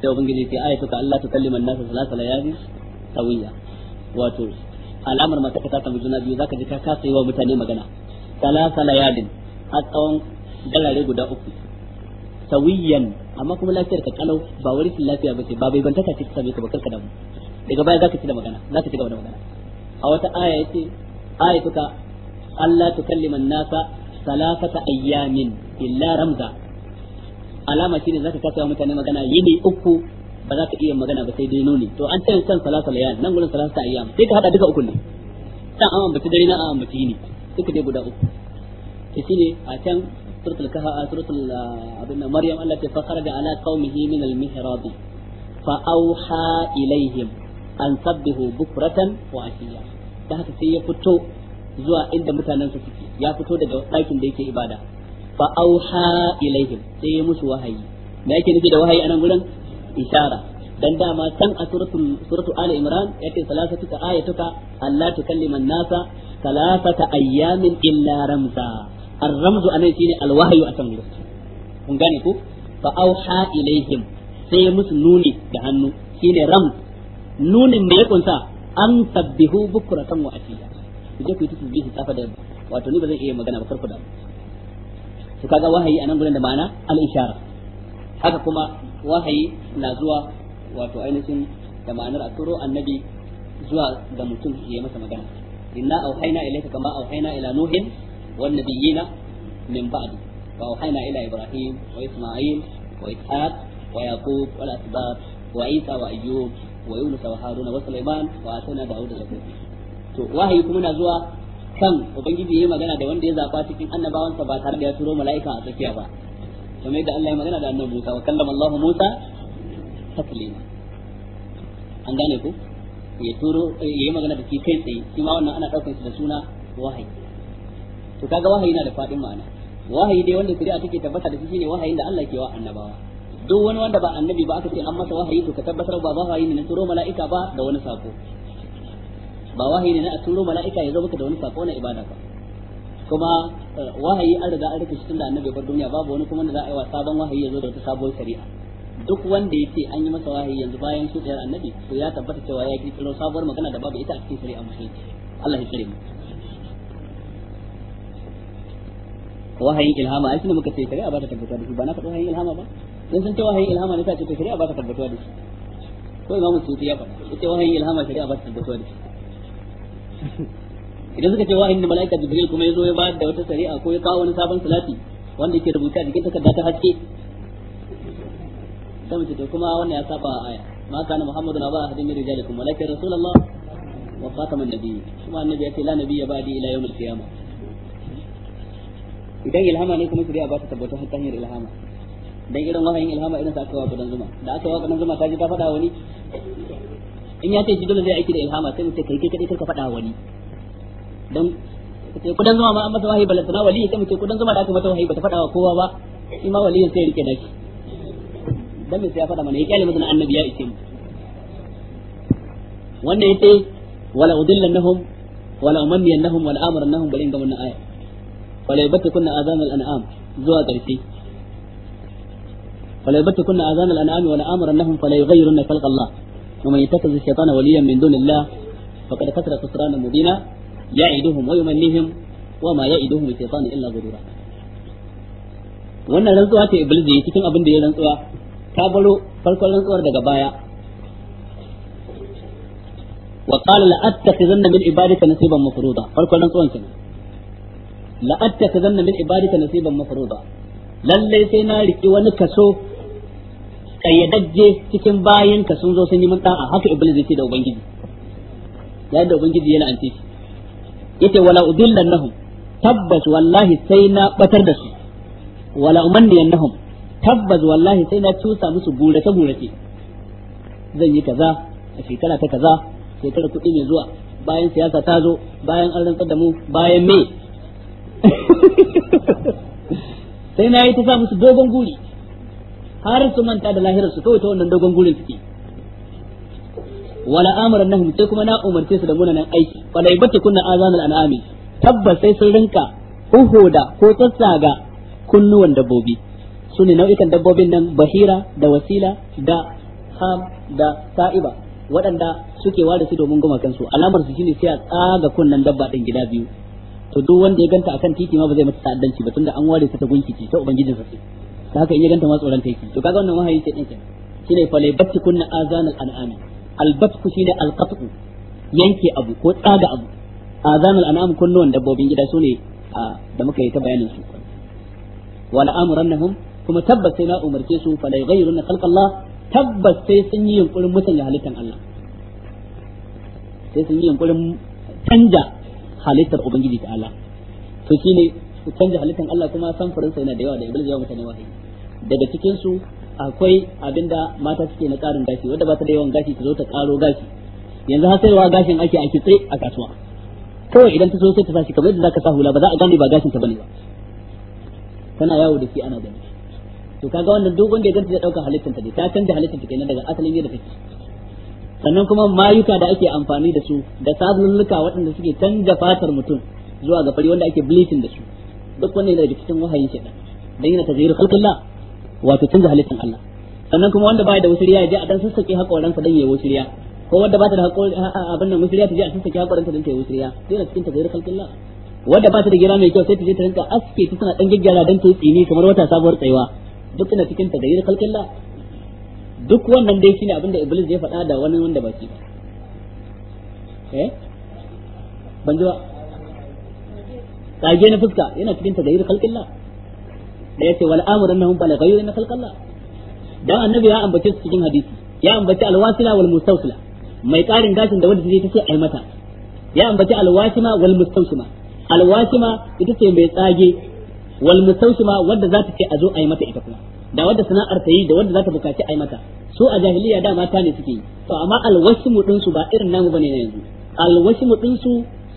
sai ubangiji ce ayatu ka Allah ta kallima an-nasa salasa layali sawiya wato alamar mata ta samu juna biyu zaka ji ka kasa yi wa mutane magana salasa layalin a tsawon galare guda uku sawiyan amma kuma lafiyar ka kalau ba wani lafiya ba ce ba bai bantaka ce ta same ka ba karka damu daga baya zaka ci da magana zaka ci gaba da magana a wata aya yace ayatuka Allah tukallima an-nasa salasata ayyamin illa ramza alama shine zaka kasa wa mutane magana yini uku ba za ka iya magana ba sai dai nuni to an tsaye kan salasa layal nan gurin salasa ayyam sai ka hada duka uku ne dan an ambaci dare na an ambaci yini duka dai guda uku to shine a can suratul kaha suratul abinna maryam Allah ta fakhara da ala qaumihi min al mihrab fa auha ilaihim an sabbihu bukratan wa asiya da haka sai ya fito zuwa inda mutanen su suke ya fito daga ɗakin da yake ibada fa auha ilaihim sai ya musu wahayi me yake nufi da wahayi gurin dan dama a suratul ali imran ayatuka an-nasa salasata ayyamin illa ramza ar-ramzu anan shine al-wahyu gurin kun gane fa auha ilaihim sai musu nuni da hannu shine ram nunin ya kunsa an sabbihu bukratan wa asiya je ku yi safa da wato ni ba zan iya magana ba karku da to kaga wahayi anan gurin da ma'ana al-ishara haka kuma wahayi na zuwa wato ainihin da ma'anar aturo annabi zuwa ga mutum ya masa magana inna auhayna ilayka kama auhayna ila nuhin wan nabiyina min ba'di wa auhayna ila ibrahim wa isma'il wa ishaq wa yaqub wal asbab wa isa wa ayyub wa yunus wa haruna wa sulaiman wa atana dawuda zakur to wahayi kuma na zuwa san ubangiji yayi magana da wanda ya zaba cikin annabawansa ba tare da ya turo mala'ika a tsakiya ba kamar yadda Allah ya magana da annabi Musa wa kallama Allah Musa taklima an gane ku ya turo yayi magana da shi kai tsaye shi ma wannan ana daukar shi da suna wahayi to kaga wahayi na da fadin ma'ana wahayi dai wanda shari'a take tabbata da shi ne wahayin da Allah ke wa annabawa duk wani wanda ba annabi ba aka ce an masa wahayi to ka tabbatar ba wahayi ne na turo mala'ika ba da wani sako ba wahayi ne na a turo mala'ika ya zo maka da wani sako na ibada ba kuma eh, wahayi an riga an rufe shi tunda annabi bar duniya babu wani kuma da za a yi wa sabon wahayi ya zo da wata sabon shari'a duk wanda ya ce an yi masa wahayi yanzu bayan su tsayar annabi to ya tabbata cewa ya kirkiro sabuwar magana da babu ita a cikin shari'a musulunci Allah ya kare mu wahayin ilhama ai shine muka ce shari'a ba ta tabbata da shi ba na faɗi wahayin ilhama ba dan san ce wahayin ilhama ne ta ce shari'a ba ta tabbata da shi ko imamu suti ya faɗa ita wahayin ilhama shari'a ba ta tabbata da shi idan suka ce wahayin da mala'ika jibril kuma ya zo ya bayar da wata shari'a ko ya kawo wani sabon salati wanda yake rubuta a jikin takarda ta haske sai mu ce kuma wannan ya saba aya ma kana muhammadu na ba hadin mirin jalikun malaikar rasulullah wa khataman nabiyyi kuma annabi yace la nabiyya ba'di ila yawmil qiyamah idan ilhama ne kuma shari'a ba ta tabbata ta hanyar ilhama dan irin wahayin ilhama irin sa aka wa gudan zuma da aka wa gudan zuma ta ji ta faɗa wani in ya ce shi dole zai aiki da ilhama sai mu ce kai kai kadai karka faɗa wani dan sai kudan zuma ma an masa wahayi balantana wali sai mu ce kudan zuma da aka masa wahayi bata faɗa wa kowa ba shi ma waliyin sai rike da shi dan me sai ya faɗa mana ya kyale mutun annabi ya ice mu wannan yace wala udillannahum wala umanniyannahum wala amrannahum balin ga wannan aya wala kunna azanal an'am zuwa ƙarshe فلا يبتكن آذان الأنعام ولا آمرنهم فلا يغيرن خلق الله ومن يتخذ الشيطان وليا من دون الله فقد خسر خسرانا مبينا يعدهم ويمنيهم وما يعدهم الشيطان الا غرورا wannan rantsuwa ta iblis da cikin abin da ya rantsuwa ta baro farkon rantsuwar daga baya wa qala la attakhizanna min ibadika nasiban mafruda farkon rantsuwan kenan la attakhizanna min ibadika nasiban mafruda lalle sai na riki wani kaso kayyadajje cikin bayanka sun zo sun yi mun a haka iblis yake da ubangiji ya da ubangiji yana ance shi yace wala udillannahum tabbas wallahi sai na batar da su wala umanniyannahum tabbas wallahi sai na cusa musu burace burace zan yi kaza a shekara ta kaza shekara kuɗi mai zuwa bayan siyasa ta zo bayan an rantsar da mu bayan me sai na yi ta sa musu dogon guri har su manta da lahirar su kawai ta wannan dogon gurin suke wala amuran nahum sai kuma na umarce su da munanan aiki Kala'i bata kunna azanul an'ami tabbas sai sun rinka da ko ga kunnuwan dabbobi su ne nau'ikan dabbobin nan bahira da wasila da ham da sa'iba waɗanda suke ware su domin goma kansu alamar su shine sai a tsaga kunnen dabba din gida biyu to duk wanda ya ganta akan titi ma ba zai mata ta'addanci ba tunda an ware ta ta gunki ta ubangijin sa da haka in ya ganta ma tsoron take to kaga wannan wahayi ke din kenan shine fa laibatti kunna azan al-an'ami al-batku shine al-qat'u yanke abu ko tsaga abu azan al-an'am kunnuwan dabbobin gida sune da muka yi ta bayanin su wal amrannahum kuma tabbas sai na umarce su fa la yughayyiruna khalqallah tabbas sai sun yi yunkurin musanya halittar Allah sai sun yi yunkurin canja halittar ubangiji ta Allah to shine canja halittan Allah kuma san sa yana da yawa da iblis ya mutane wahayi daga cikin su akwai abinda mata suke na karin gashi wanda ba ta da yawan gashi ta zo ta karo gashi yanzu har wa gashin ake a kitse a kasuwa kawai idan ta zo sai ta sashi kamar yadda zaka sa hula ba za a gane ba gashin ta bane ba tana yawo da shi ana gani to kaga wannan duk wanda ya ganta zai dauka halittar ta ne ta canja halittar ta kenan daga asalin yadda take sannan kuma mayuka da ake amfani da su da sabululluka waɗanda suke canja fatar mutum zuwa ga fari wanda ake bleaching da su duk wannan yana da cikin wahayin shi dan yana tazyiru khalqillah wato canza halittan Allah sannan kuma wanda baya da wusuriya ya je a dan sassake hakoran sa dan yayi wusuriya ko wanda ba ta da hakori abin nan wusuriya ta je a sassake hakoran sa dan yayi yi wusuriya yana cikin tazyiru khalqillah wanda ba ta da gira mai kyau sai ta je ta rinka aske ta tana dan gaggara dan ta yi tsini kamar wata sabuwar tsayuwa duk ina cikin taghayyur khalqillah duk wannan dai shine abinda iblis ya faɗa da wani wanda ba shi ba eh banjo kage na fuska yana cikin ta tagayyur khalqillah da yace wal amru annahum bala ghayru khalqillah dan annabi ya ambace su cikin hadisi ya ambace alwasila wal mustawsila mai karin gashin da wanda take ai mata ya ambace alwasima wal mustawsima alwasima ita ce mai tsage wal mustawsima wanda za ta ce a zo ai mata ita kuma da wadda sana'ar ta yi da wadda za ta bukaci ai mata su a jahiliya da mata ne suke yi to amma alwashimu din su ba irin namu bane yanzu alwashimu din su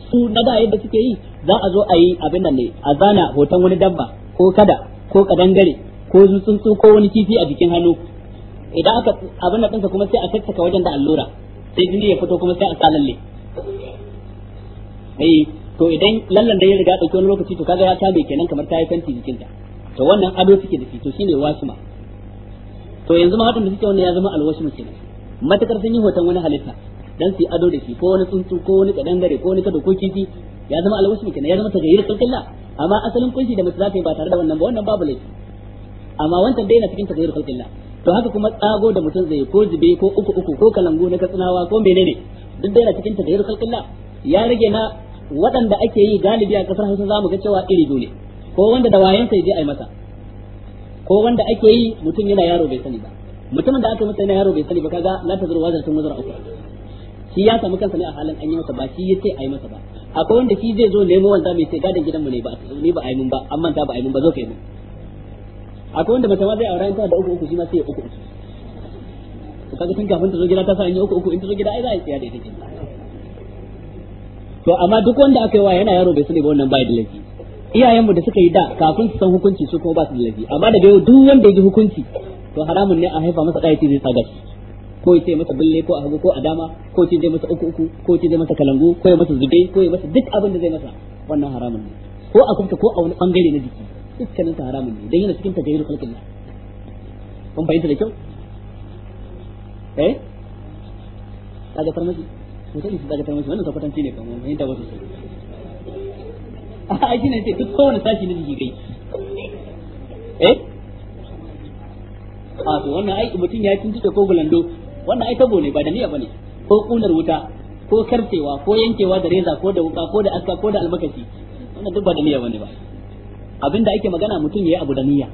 su na da yadda suke yi za a zo a yi abin nan ne a zana hoton wani dabba ko kada ko kadangare ko tsuntsu ko wani kifi a jikin hannu idan aka abin nan ɗinka kuma sai a tattaka wajen da allura sai jini ya fito kuma sai a sa lalle eh to idan lallan da ya riga dauke wani lokaci to kaga ya tabe kenan kamar ta yi fenti jikinta to wannan ado suke da shi to shine wasuma to yanzu ma da suke wannan ya zama alwasuma kenan matakar sun yi hoton wani halitta dan su ado da shi ko wani tsuntsu ko wani kadangare ko wani kada ko kifi ya zama alwasmi kenan ya zama tagayyir kalkilla amma asalin kunshi da mutum zaka yi ba tare da wannan ba wannan babu laifi amma wancan dai na cikin tagayyir kalkilla to haka kuma tsago da mutum zai ko zube ko uku uku ko kalangu na katsinawa ko menene duk dai na cikin tagayyir kalkilla ya rage na waɗanda ake yi galibi a kasar Hausa zamu ga cewa iri dole ko wanda da wayansa sai je ai masa ko wanda ake yi mutum yana yaro bai sani ba mutumin da aka masa yana yaro bai sani ba kaga la tazuru wazar tun wazar uku shi ya samu kansa ne a halin an yi masa ba shi yace ai masa ba akwai wanda shi zai zo nemo wanda mai sai gadan gidanmu ne ba ni ba mun ba amma ta ba mun ba zo kai mun akwai wanda mace ma zai aure ta da uku uku shi ma sai uku uku to kaga tun kafin ta zo gida ta sa uku uku in ta zo gida ai za a tsaya da ita kin to amma duk wanda aka yi wa yana yaro bai sani ba wannan bai da laifi iyayenmu da suka yi da kafin su san hukunci su kuma ba su da laifi amma daga yau duk wanda ya ji hukunci to haramun ne a haifa masa ɗaya ce zai sa gashi ko ya ce masa bulle ko a hagu ko a dama ko ya ce zai masa uku uku ko ya ce zai masa kalangu ko ya masa zube ko ya masa duk abin da zai masa wannan haramun ne ko a kufta ko a wani bangare na jiki dukkanin sa haramun ne dan yana cikin tagayyur khalqin kun fahimta da kyau eh kaga farmaki mutum su daga farmaki wannan sakwatanci ne kamar fahimta wasu su a shi ce duk kowane sashi na jiki kai eh a ah, to wannan aiki mutum ya tuntuta ko gulando wannan ai tabo ne ba da niyya bane ko kunar wuta ko karcewa ko yankewa da reza ko da wuka ko da aska ko da almakashi wannan duk ba da niyya bane ba abinda ake magana mutum yayi abu da niyya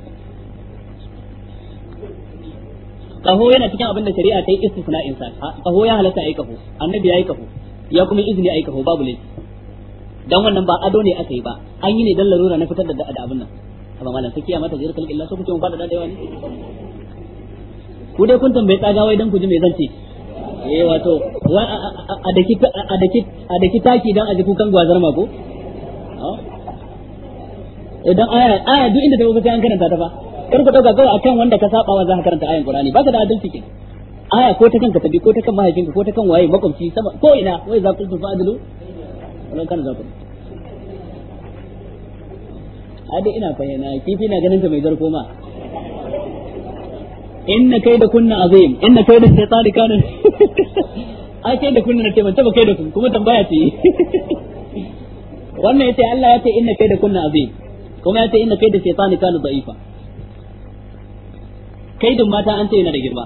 kaho yana cikin abin da shari'a ta yi istisna insa kaho ya halatta ai kaho annabi yayi kaho ya kuma izini ai kaho babu laifi dan wannan ba ado ne aka yi ba an yi ne dan larura na fitar da abin nan amma malam sai kiyama ta jirkal illa so kuke mun fada da yawa ne ku dai kun tambaye tsaga wai dan ku ji me zan ce eh wato a daki a daki a daki taki dan a ji kukan gwazar ma ko idan eh, aya aya duk inda ta wuce an karanta ta fa kar ku dauka kawai akan wanda ka saba wa za ka karanta ayan qur'ani baka da adalci ke. aya ko ta kanka tabi ko ta kan mahaifinka ko ta kan waye makwabci sama ko ina wai za ku tufa adalu? wannan kan za ku a dai ina fahimta kifi na ganin ta mai zarko ma inna kai da kunna azim inna kai da shaytani kana ai kai da kunna nake ban taba kai da kun kuma tambaya ce wannan yace Allah ya ce inna kai da kunna azim kuma yace inna kai da shaytani kana da'ifa kai da mata an ce yana da girma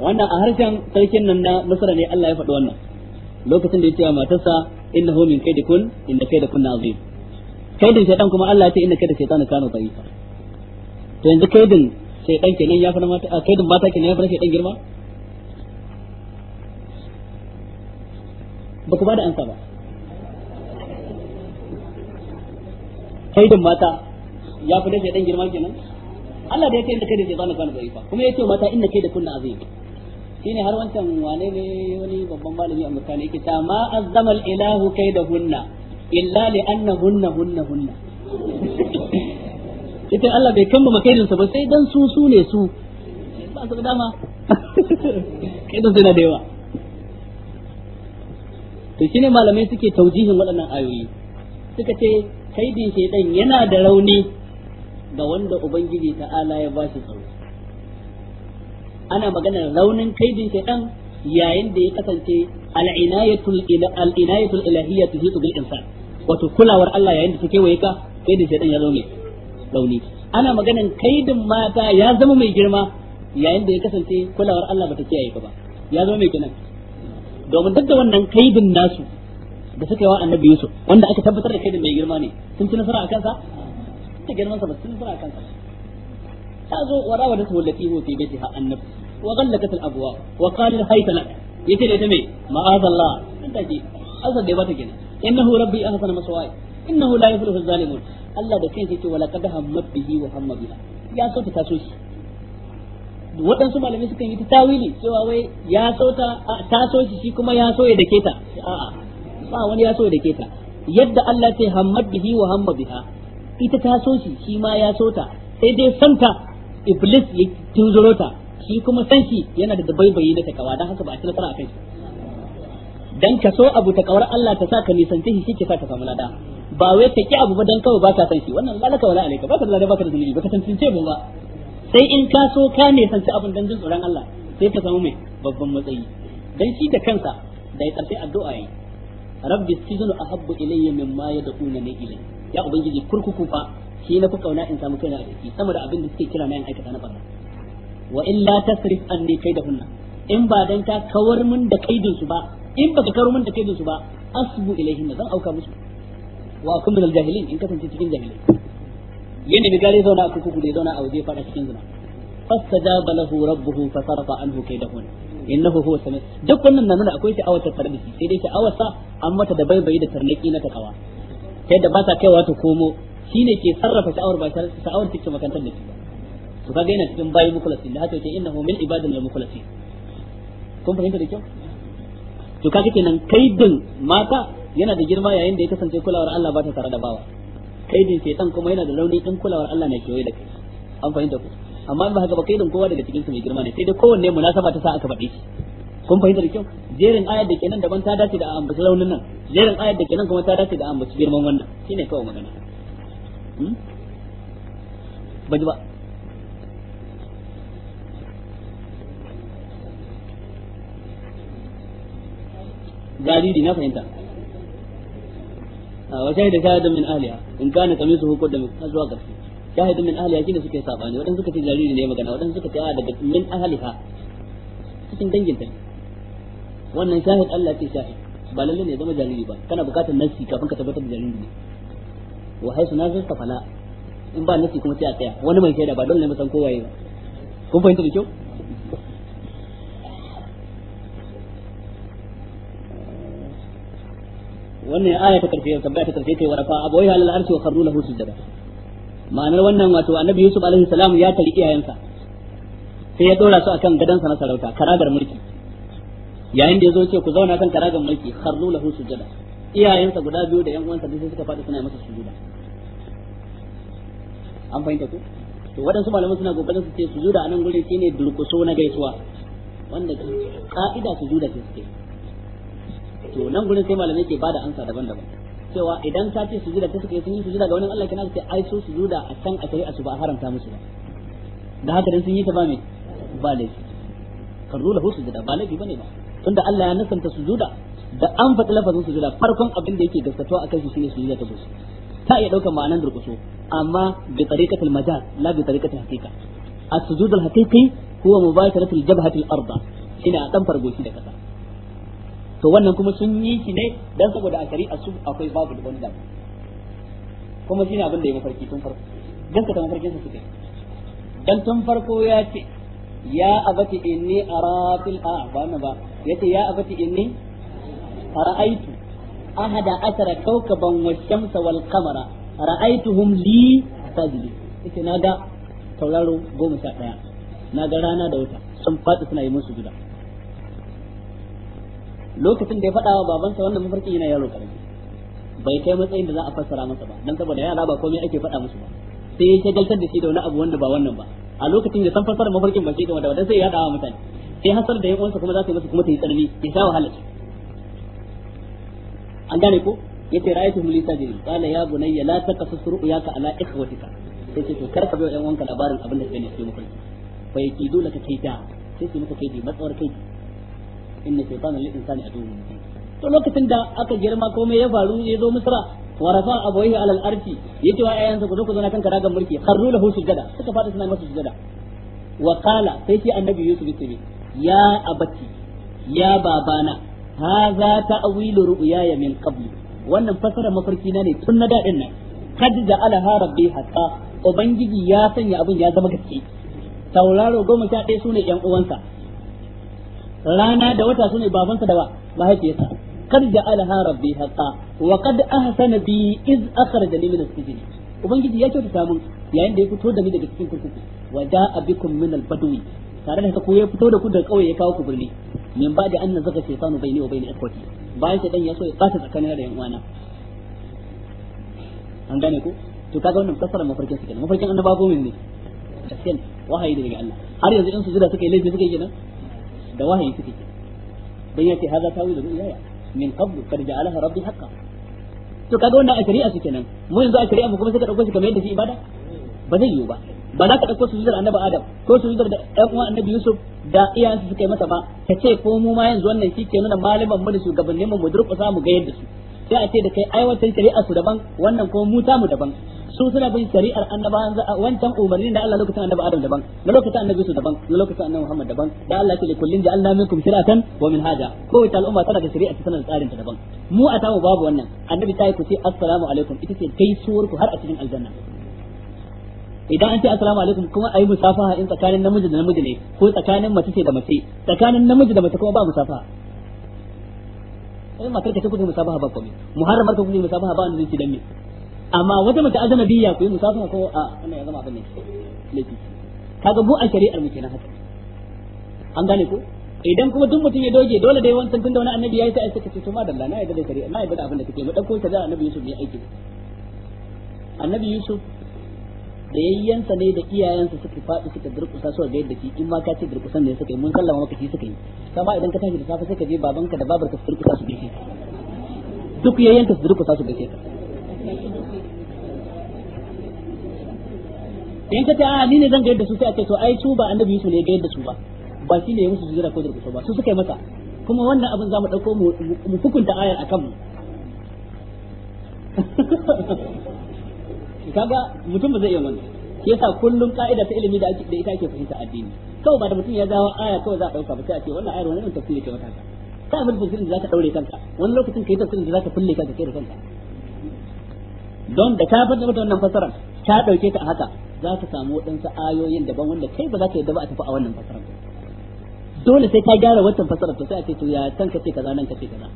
wannan a harshen sarkin nan na Misra ne Allah ya faɗi wannan lokacin da yace matarsa innahu min kaidikun inna kunna azim kaidin shaytan kuma Allah ya ce inna da shaytani kana da'ifa to yanzu kaidin sai dan kenan ya fara mata kai din mata kenan ya fara sai dan girma ba ku ba da ansa ba kai din mata ya fara sai dan girma kenan Allah da ya kai da kai da ke bani bani bai fa kuma yace mata inna kai da kunna azim shine har wancan wane ne wani babban malami a mutane yake ta ma azzamal ilahu kai da hunna illa li anna hunna hunna hunna yace Allah bai kammala kairin ba sai dan su su ne su ba su da dama kai da da yawa to shine malamai suke taujihin waɗannan ayoyi suka ce kaidin shedan yana da rauni ga wanda ubangiji ta'ala ya ba shi tsaro ana maganar raunin kaidin shedan yayin da ya kasance al'inayatul al'inayatul ilahiyyah tuhitu bil insan wato kulawar Allah yayin da take waye ka kaidin da shedan ya zo ne rauni ana maganan kaidin mata ya zama mai girma yayin da ya kasance kulawar Allah bata kiyaye ba ya zama mai kenan domin duk da wannan kaidin nasu da suka yi wa annabi Yusuf wanda aka tabbatar da kaidin mai girma ne sun ci nasara a kansa ta girman sa ba sun a kansa ta zo wa wallafi ho annabi wa al-abwa wa qala da ma'azallah da innahu rabbi ahsana maswaya innahu la yuflihu zalimun Allah da kansa yake wala qad hammat bihi wa hamma biha ya sauta ta so waɗansu malamai sukan yi ta tawili cewa wai ya sauta ta so shi shi kuma ya so ya dake ta a'a ba wani ya so ya dake ta yadda Allah ya ce hammat bihi wa hamma biha ita ta so shi shi ma ya sauta sai dai santa iblis ya tunzuro ta shi kuma san shi yana da dabaibayi da takawa don haka ba a ci nasara a kai dan ka so abu takawar Allah ta sa ka nisanci shi shi ke sa ka samu lada ba wai ta ki abu ba dan kawai ba ka san shi wannan lalaka wala alaika ka da baka da ka baka tantance mu ba sai in ka so ka ne san abin dan jin tsoron Allah sai ka samu mai babban matsayi dan shi da kansa da ya tsarfi addu'a yi rabbi sizunu ahabbu ilayya mimma ni ilay ya ubangiji kurkuku fa shi na fi kauna in samu kaina a ciki sama da abin da suke kira na yin aikata na barna wa illa tasrif anni kaidahunna in ba dan ka kawar mun da kaidin su ba in baka kawar mun da kaidin su ba asbu ilaihim zan auka musu wa akum min al-jahilin in kasance cikin jahilai yanda bi gare zauna aka kuku ne zauna a waje fada cikin zina fastajaba lahu rabbuhu fasarfa anhu kaydahun innahu huwa sami duk wannan na nuna akwai sha'awar tarbiyya sai dai sha'awar sa an mata da baibayi da tarnaki na takawa sai da ba ta kaiwa ta komo shine ke sarrafa sha'awar ba sha'awar take makantar da shi to kaga yana cikin bayi mukhlasin da haka yake innahu min ibadina al-mukhlasin kun fahimta da kyau to kaga kenan kaidin mata yana da girma yayin da ya kasance kulawar Allah ba ta tare da bawa kai din shaytan kuma yana da rauni din kulawar Allah na kewaye da kai an fahimta ku amma in ba haka ba kai kowa daga cikin su mai girma ne sai dai kowanne munasaba ta sa aka bade. shi kun fahimta da kyau jerin ayar da kenan daban ta dace da ambaci launin nan jerin ayar da kenan kuma ta dace da ambaci girman wannan shine kawai magana baji hmm? ba jariri na fahimta wa shahida shahidun min ahliha in kana kamisuhu qudda min zuwa karshe shahidun min ahliha shine suke sabani wadan suka ce a daga ta ba lalle ne zama jariri ba ka tabbatar da jariri ne wa haisu nazar fala a kun fahimta kyau wannan aya ta karfe tambaya ta karfe kai warafa abawai halal arshi wa kharru lahu sujada ma'anar wannan wato annabi yusuf alaihi salam ya tali iyayensa sai ya dora su akan sa na sarauta karagar mulki yayin da ya zo ce ku zauna kan karagar mulki kharru lahu sujada iyayensa guda biyu da yan uwansa duk suka fadi suna masa sujuda an fahimta ku to waɗansu malamai suna kokarin su ce sujuda a nan gurin shine durkuso na gaisuwa wanda ka'ida sujuda ce suke to nan gurin sai malamai ke bada ansa daban-daban cewa idan ka ce sujuda ta suka yi sun yi sujuda ga wani Allah kana ce ai su sujuda a can a shari'a su ba haramta musu ba da haka dan sun yi ta ba me ba laifi karru lahu sujuda ba laifi bane ba tunda Allah ya nasanta sujuda da an faɗi lafazin sujuda farkon abin da yake gaskatuwa akan shi shine sujuda ta gusu ta iya daukar ma'anar durkuso amma bi tariqatil majaz la bi tariqatil haqiqa as-sujud al-haqiqi huwa mubasharatul jabhati al-ardh shine a ɗan fargoshi da kasa to wannan kuma sun yi shi ne dan saboda a shari'a su akwai babu da wanda kuma shine abin da ya mafarki tun farko gaskata mafarkin su suke dan tun farko ya ce ya abati inni arafil a a'wana ba ce ya abati inni ra'aitu ahada asara kawkaban wa shamsa wal-qamara ra'aituhum li sajdi ita na ga tauraro goma sha ɗaya na ga rana da wata sun faɗi suna yi musu gida lokacin da ya faɗa wa babansa wannan mafarki yana yaro karami bai kai matsayin da za a fassara masa ba dan saboda yara ba komai ake faɗa musu ba sai ya shagaltar da shi da wani abu wanda ba wannan ba a lokacin da san fassara mafarkin ba shi da wanda sai ya dawo mutane sai hasar da ya uwansa kuma za su yi masa kuma ta yi tsarni ya sha wahala an gane ko yace ra'aytu mulisa jini qala ya bunayya la taqasus ru'yaka ala ikhwatika sai ce to kar ka bai wa yan labarin abin da kake ne sai mu kai fa yakidu laka kaita sai su muka kai matsawar kai inna shaytana lil insani adu mubin to lokacin da aka girma komai ya faru ya zo misra wa rafa abawaihi alal arshi yace wa ayyansa ku zo ku zo na kan karagan mulki kharru lahu sujada suka fada suna masa sujada wa qala sai shi annabi yusuf ce ya abati ya babana hadha ta'wilu ru'yaya min qabli wannan fasara mafarki na ne tun na dadin nan kad ha rabbi hatta ubangiji ya sanya abin ya zama gaske tauraro goma sha ɗaya sune yan uwansa rana da wata sune babansa da mahaifiyarsa da ja'alaha rabbi haqa wa kad ahsana bi iz akhraja li min as-sijn ubangiji ya kyautata mun yayin da ya fito da ni daga cikin kurkuku wa da'a bikum min al-badwi tare da ku ya fito da ku daga kauye ya kawo ku birni min ba da anna zaka shaytanu bayni wa bayni ikhwati bayan dan ya so ya bata tsakanin da yan uwana an gane ku to kaga wannan fasara mafarkin su kenan mafarkin annabawa ne ne wahayi daga Allah har yanzu in sujada suka yi laifi suka yi kenan da wahayi suke ke dan yace hadha tawilu ru'ya min qabl qad ja'alaha rabbi haqqan to kaga wannan a shari'a suke nan mu yanzu a shari'a mu kuma suka dauko shi kamar yadda shi ibada ba zai yiwu ba ba za ka dauko zuwa annabi adam ko zuwa da ɗan uwan annabi yusuf da su suka yi masa ba ka ce ko mu ma yanzu wannan shi ke nuna malaman mu da shugabannin mu mu durƙusa mu ga yadda su sai a ce da kai aiwatar shari'a su daban wannan ko mu ta mu daban su suna bin shari'ar annabawan wancan umarni da Allah lokacin annabi Adam daban na lokacin annabi su daban na lokacin annabi Muhammad daban da Allah ke kullin ja'alna minkum shir'atan wa min minhaja ko wata al'umma tana da shari'a tana da tsarin ta daban mu a tamu babu wannan annabi ta yi ku ce assalamu alaikum ita ce gaisuwar ku har a cikin aljanna idan an ce assalamu alaikum kuma ayi musafaha in tsakanin namiji da namiji ne ko tsakanin mace ce da mace tsakanin namiji da mace kuma ba musafaha sai matar ka ce kuke musafaha ba komai muharramar ka kuke musafaha ba wanda zai dan me amma wata mace azanabiya ku yi musafin ko a wannan ya zama abin ne laifi kaga mu a shari'ar mu kenan haka an gane ko idan kuma duk mutum ya doge dole dai wancan tunda wani annabi yi sai suka ce to madalla na yarda da shari'a na yarda da abin da kake mu dauko kaza annabi Yusuf ne aiki annabi Yusuf da yayyansa ne da iyayensa suka faɗi suka durƙusa so ga yadda shi in ma ka ce durƙusan ne suka yi mun sallama maka shi suka yi kama idan ka tashi da safe ka je babanka da babarka su durƙusa su gaishe duk yayyanka su durƙusa su gaishe ka in ka ce a ni ne zan gaida su sai a ce to ai su ba annabi Yusuf ne ga yadda su ba ba shi ne ya musu jira ko durkusa ba su suka yi masa kuma wannan abin za mu ɗauko mu hukunta ayar a kanmu kaga mutum ba zai iya wannan shi yasa kullum ka'ida ta ilimi da ake da ita ake fahimta addini kawai ba da mutum ya dawo aya kawai za a dauka ba sai a ce wannan ayar wannan tafsiri ke wata ka abin tafsirin da zaka daure kanka wani lokacin kai tafsirin da zaka fulle kanka kai da kanka don da ka fadda mata wannan fasara ta dauke ta haka za ta samu waɗansu ayoyin daban wanda kai ba za ka yadda ba a tafi a wannan fasarar dole sai ka gyara wannan fasarar to sai a ce to ya san ka ce kaza nan ka ce kaza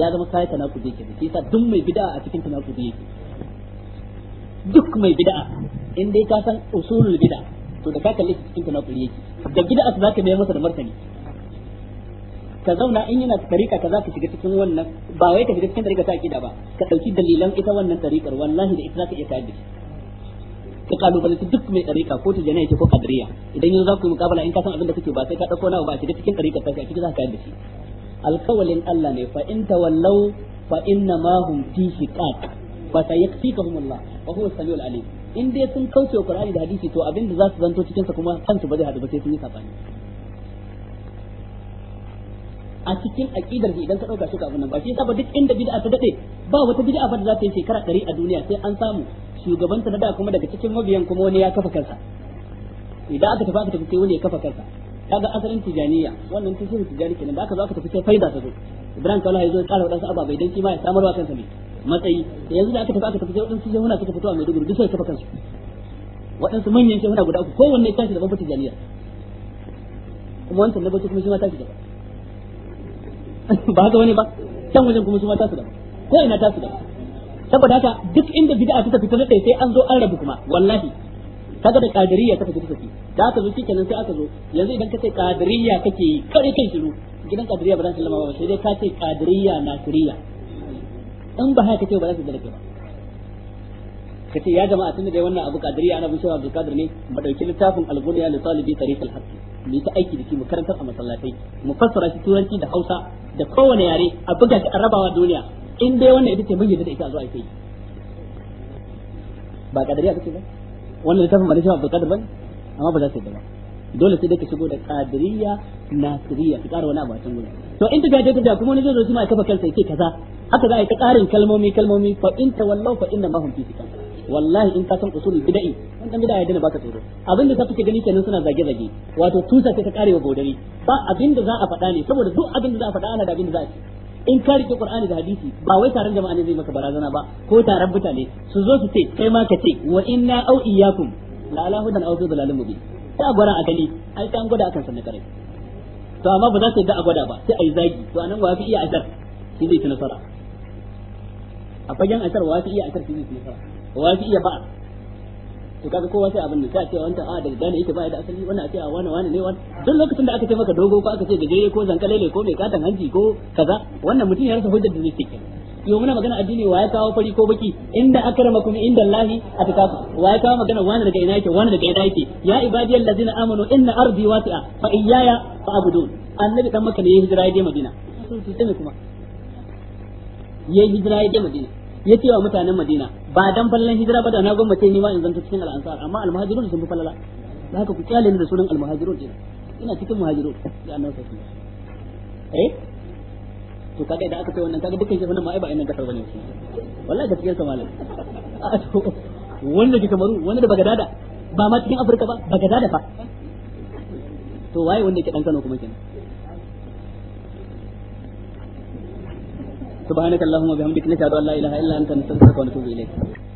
ya zama kai tana ku yake shi yasa duk mai bid'a a cikin tana ku yake duk mai bid'a in dai ka san usulul bid'a to da ka kalle cikin tana ku yake da bid'a za ka mai masa da martani ka zauna in yana tarika ka za ka shiga cikin wannan ba wai ka shiga cikin tarika ta akida ba ka dauki dalilan ita wannan tarikar wallahi da ita za ka iya kayar ka kalubalanci duk mai ɗarika ko ta jana ko kadriya idan yanzu za ku yi mukabala in ka san abin da kake ba sai ka ɗauko na ba a shiga cikin ɗarika ta a cikin za ka yi da shi alkawalin Allah ne fa in tawallau fa inna ma hum fi shiqaq fa Allah, wa huwa as-sami'ul alim in dai sun kauce wa Qur'ani da hadisi to abin da za su zanto cikin sa kuma kansu ba zai hadu ba sai sun yi sabani a cikin aqidar shi idan ka dauka shi ka abin nan ba shi yasa ba duk inda bid'a ta dade ba wata bid'a ba da za ta yi shekara 100 a duniya sai an samu shugabanta na da kuma daga cikin mabiyan kuma wani ya kafa kansa idan aka tafi aka tafi sai wani ya kafa kansa kaga asalin tijaniya wannan tun shirin tijani kenan da aka zo aka tafi sai faida ta zo ibrahim kallahu ya zo ya tsara wadansu ababai dan shi ma ya samarwa kansa ne matsayi yanzu da aka tafi aka tafi sai wadansu shehuna suka fito a Maiduguri duk sai kafa kansu wadansu manyan shehuna guda uku kowanne tashi da babbar tijaniya kuma wancan na bacci kuma shi ma tashi da ba haka wani ba can wajen kuma shi ma tashi da ko ina tashi da ba saboda haka duk inda bid'a ta fito sai sai an zo an rabu kuma wallahi kaga da qadiriyya ta fito take da aka zo kenan sai aka zo yanzu idan ka ce qadiriyya kake yi kare kai shiru gidan qadiriyya ba za su ba sai dai ka ce qadiriyya nasiriyya in ba haka ce ba za su dalake ba kace ya jama'a tunda dai wannan abu qadiriyya ana bin Abdul Kadir ne mu dauki littafin al ghuniya li talibi tarikh al-haqq mu ta aiki da shi mu karanta a masallatai mu fassara shi turanci da Hausa da kowane yare a buga ta arabawa rabawa duniya in dai wannan ita ce mun yadda da ita zuwa yi ba kadariya kace ba wannan ta ba da shi Abdul ba bane amma ba za su yi ba dole sai dai ka shigo da kadariya nasiriya ka kara wani abu a can to in ta gaje ta kuma wani zai zo ma ma kafa kansa yake kaza haka za a yi ta karin kalmomi kalmomi fa in ta wallau fa inna ma hum fi fitan wallahi in ka san usulul bid'i dan dan bid'a ya dana baka tsoro abinda ka ke gani kenan suna zage zage wato tusa sai ta karewa godari ba abinda za a faɗa ne saboda duk abinda za a faɗa ana da abinda za a ce in ka rike qur'ani da hadisi ba wai taron jama'a ne zai maka barazana ba ko taron mutane su zo su ce kai ma ka ce wa inna au iyyakum la ala hudan aw dhalalun mubin ta gwara a gani ai ta gwada akan sanna kare to amma ba za su yi a gwada ba sai ai zagi to anan wa fi iya ashar shi zai ci nasara a fagen ashar wa fi iya ashar shi zai ci nasara wa fi iya ba'a to kaga kowa sai abin da sai a ce wanda a ah, da gane yake ba da asali wannan a ce a ah, wani wani ne wani duk lokacin da aka ce maka dogo ko aka ce gajere ko zankalele ko mai katan hanji ko kaza wannan mutum ya rasa hujjar da zai ke yau muna magana addini wa ya kawo fari ko baki inda akramakum inda Allahi kafa wa ya kawo magana wani daga ina yake wani daga ina yake ya ibadiyal ladina amanu inna ardi wasi'a fa iyaya fa abudun annabi dan maka ne ya hijira ya je Madina sun tsaye kuma ya hijira ya je Madina ya ce wa mutanen Madina ba dan fallan hijira ba da na gwamnati ni ma in zanta cikin al'ansar amma almuhajirun sun fi fallala da haka ku kyale ni da sunan almuhajirun din ina cikin muhajirun ya annabi sallallahu alaihi eh to kaga idan aka ce wannan kaga dukkan shi wannan ma ai ba ina gasar bane ne wallahi gaskiyar sa malam wanda daga Kamaru wanda da Bagadada ba ma cikin Afirka ba Bagadada fa to waye wanda ke dan Kano kuma kenan subhanakallahumma bihamdika nashhadu an la ilaha illa anta nastaghfiruka wa natubu ilayk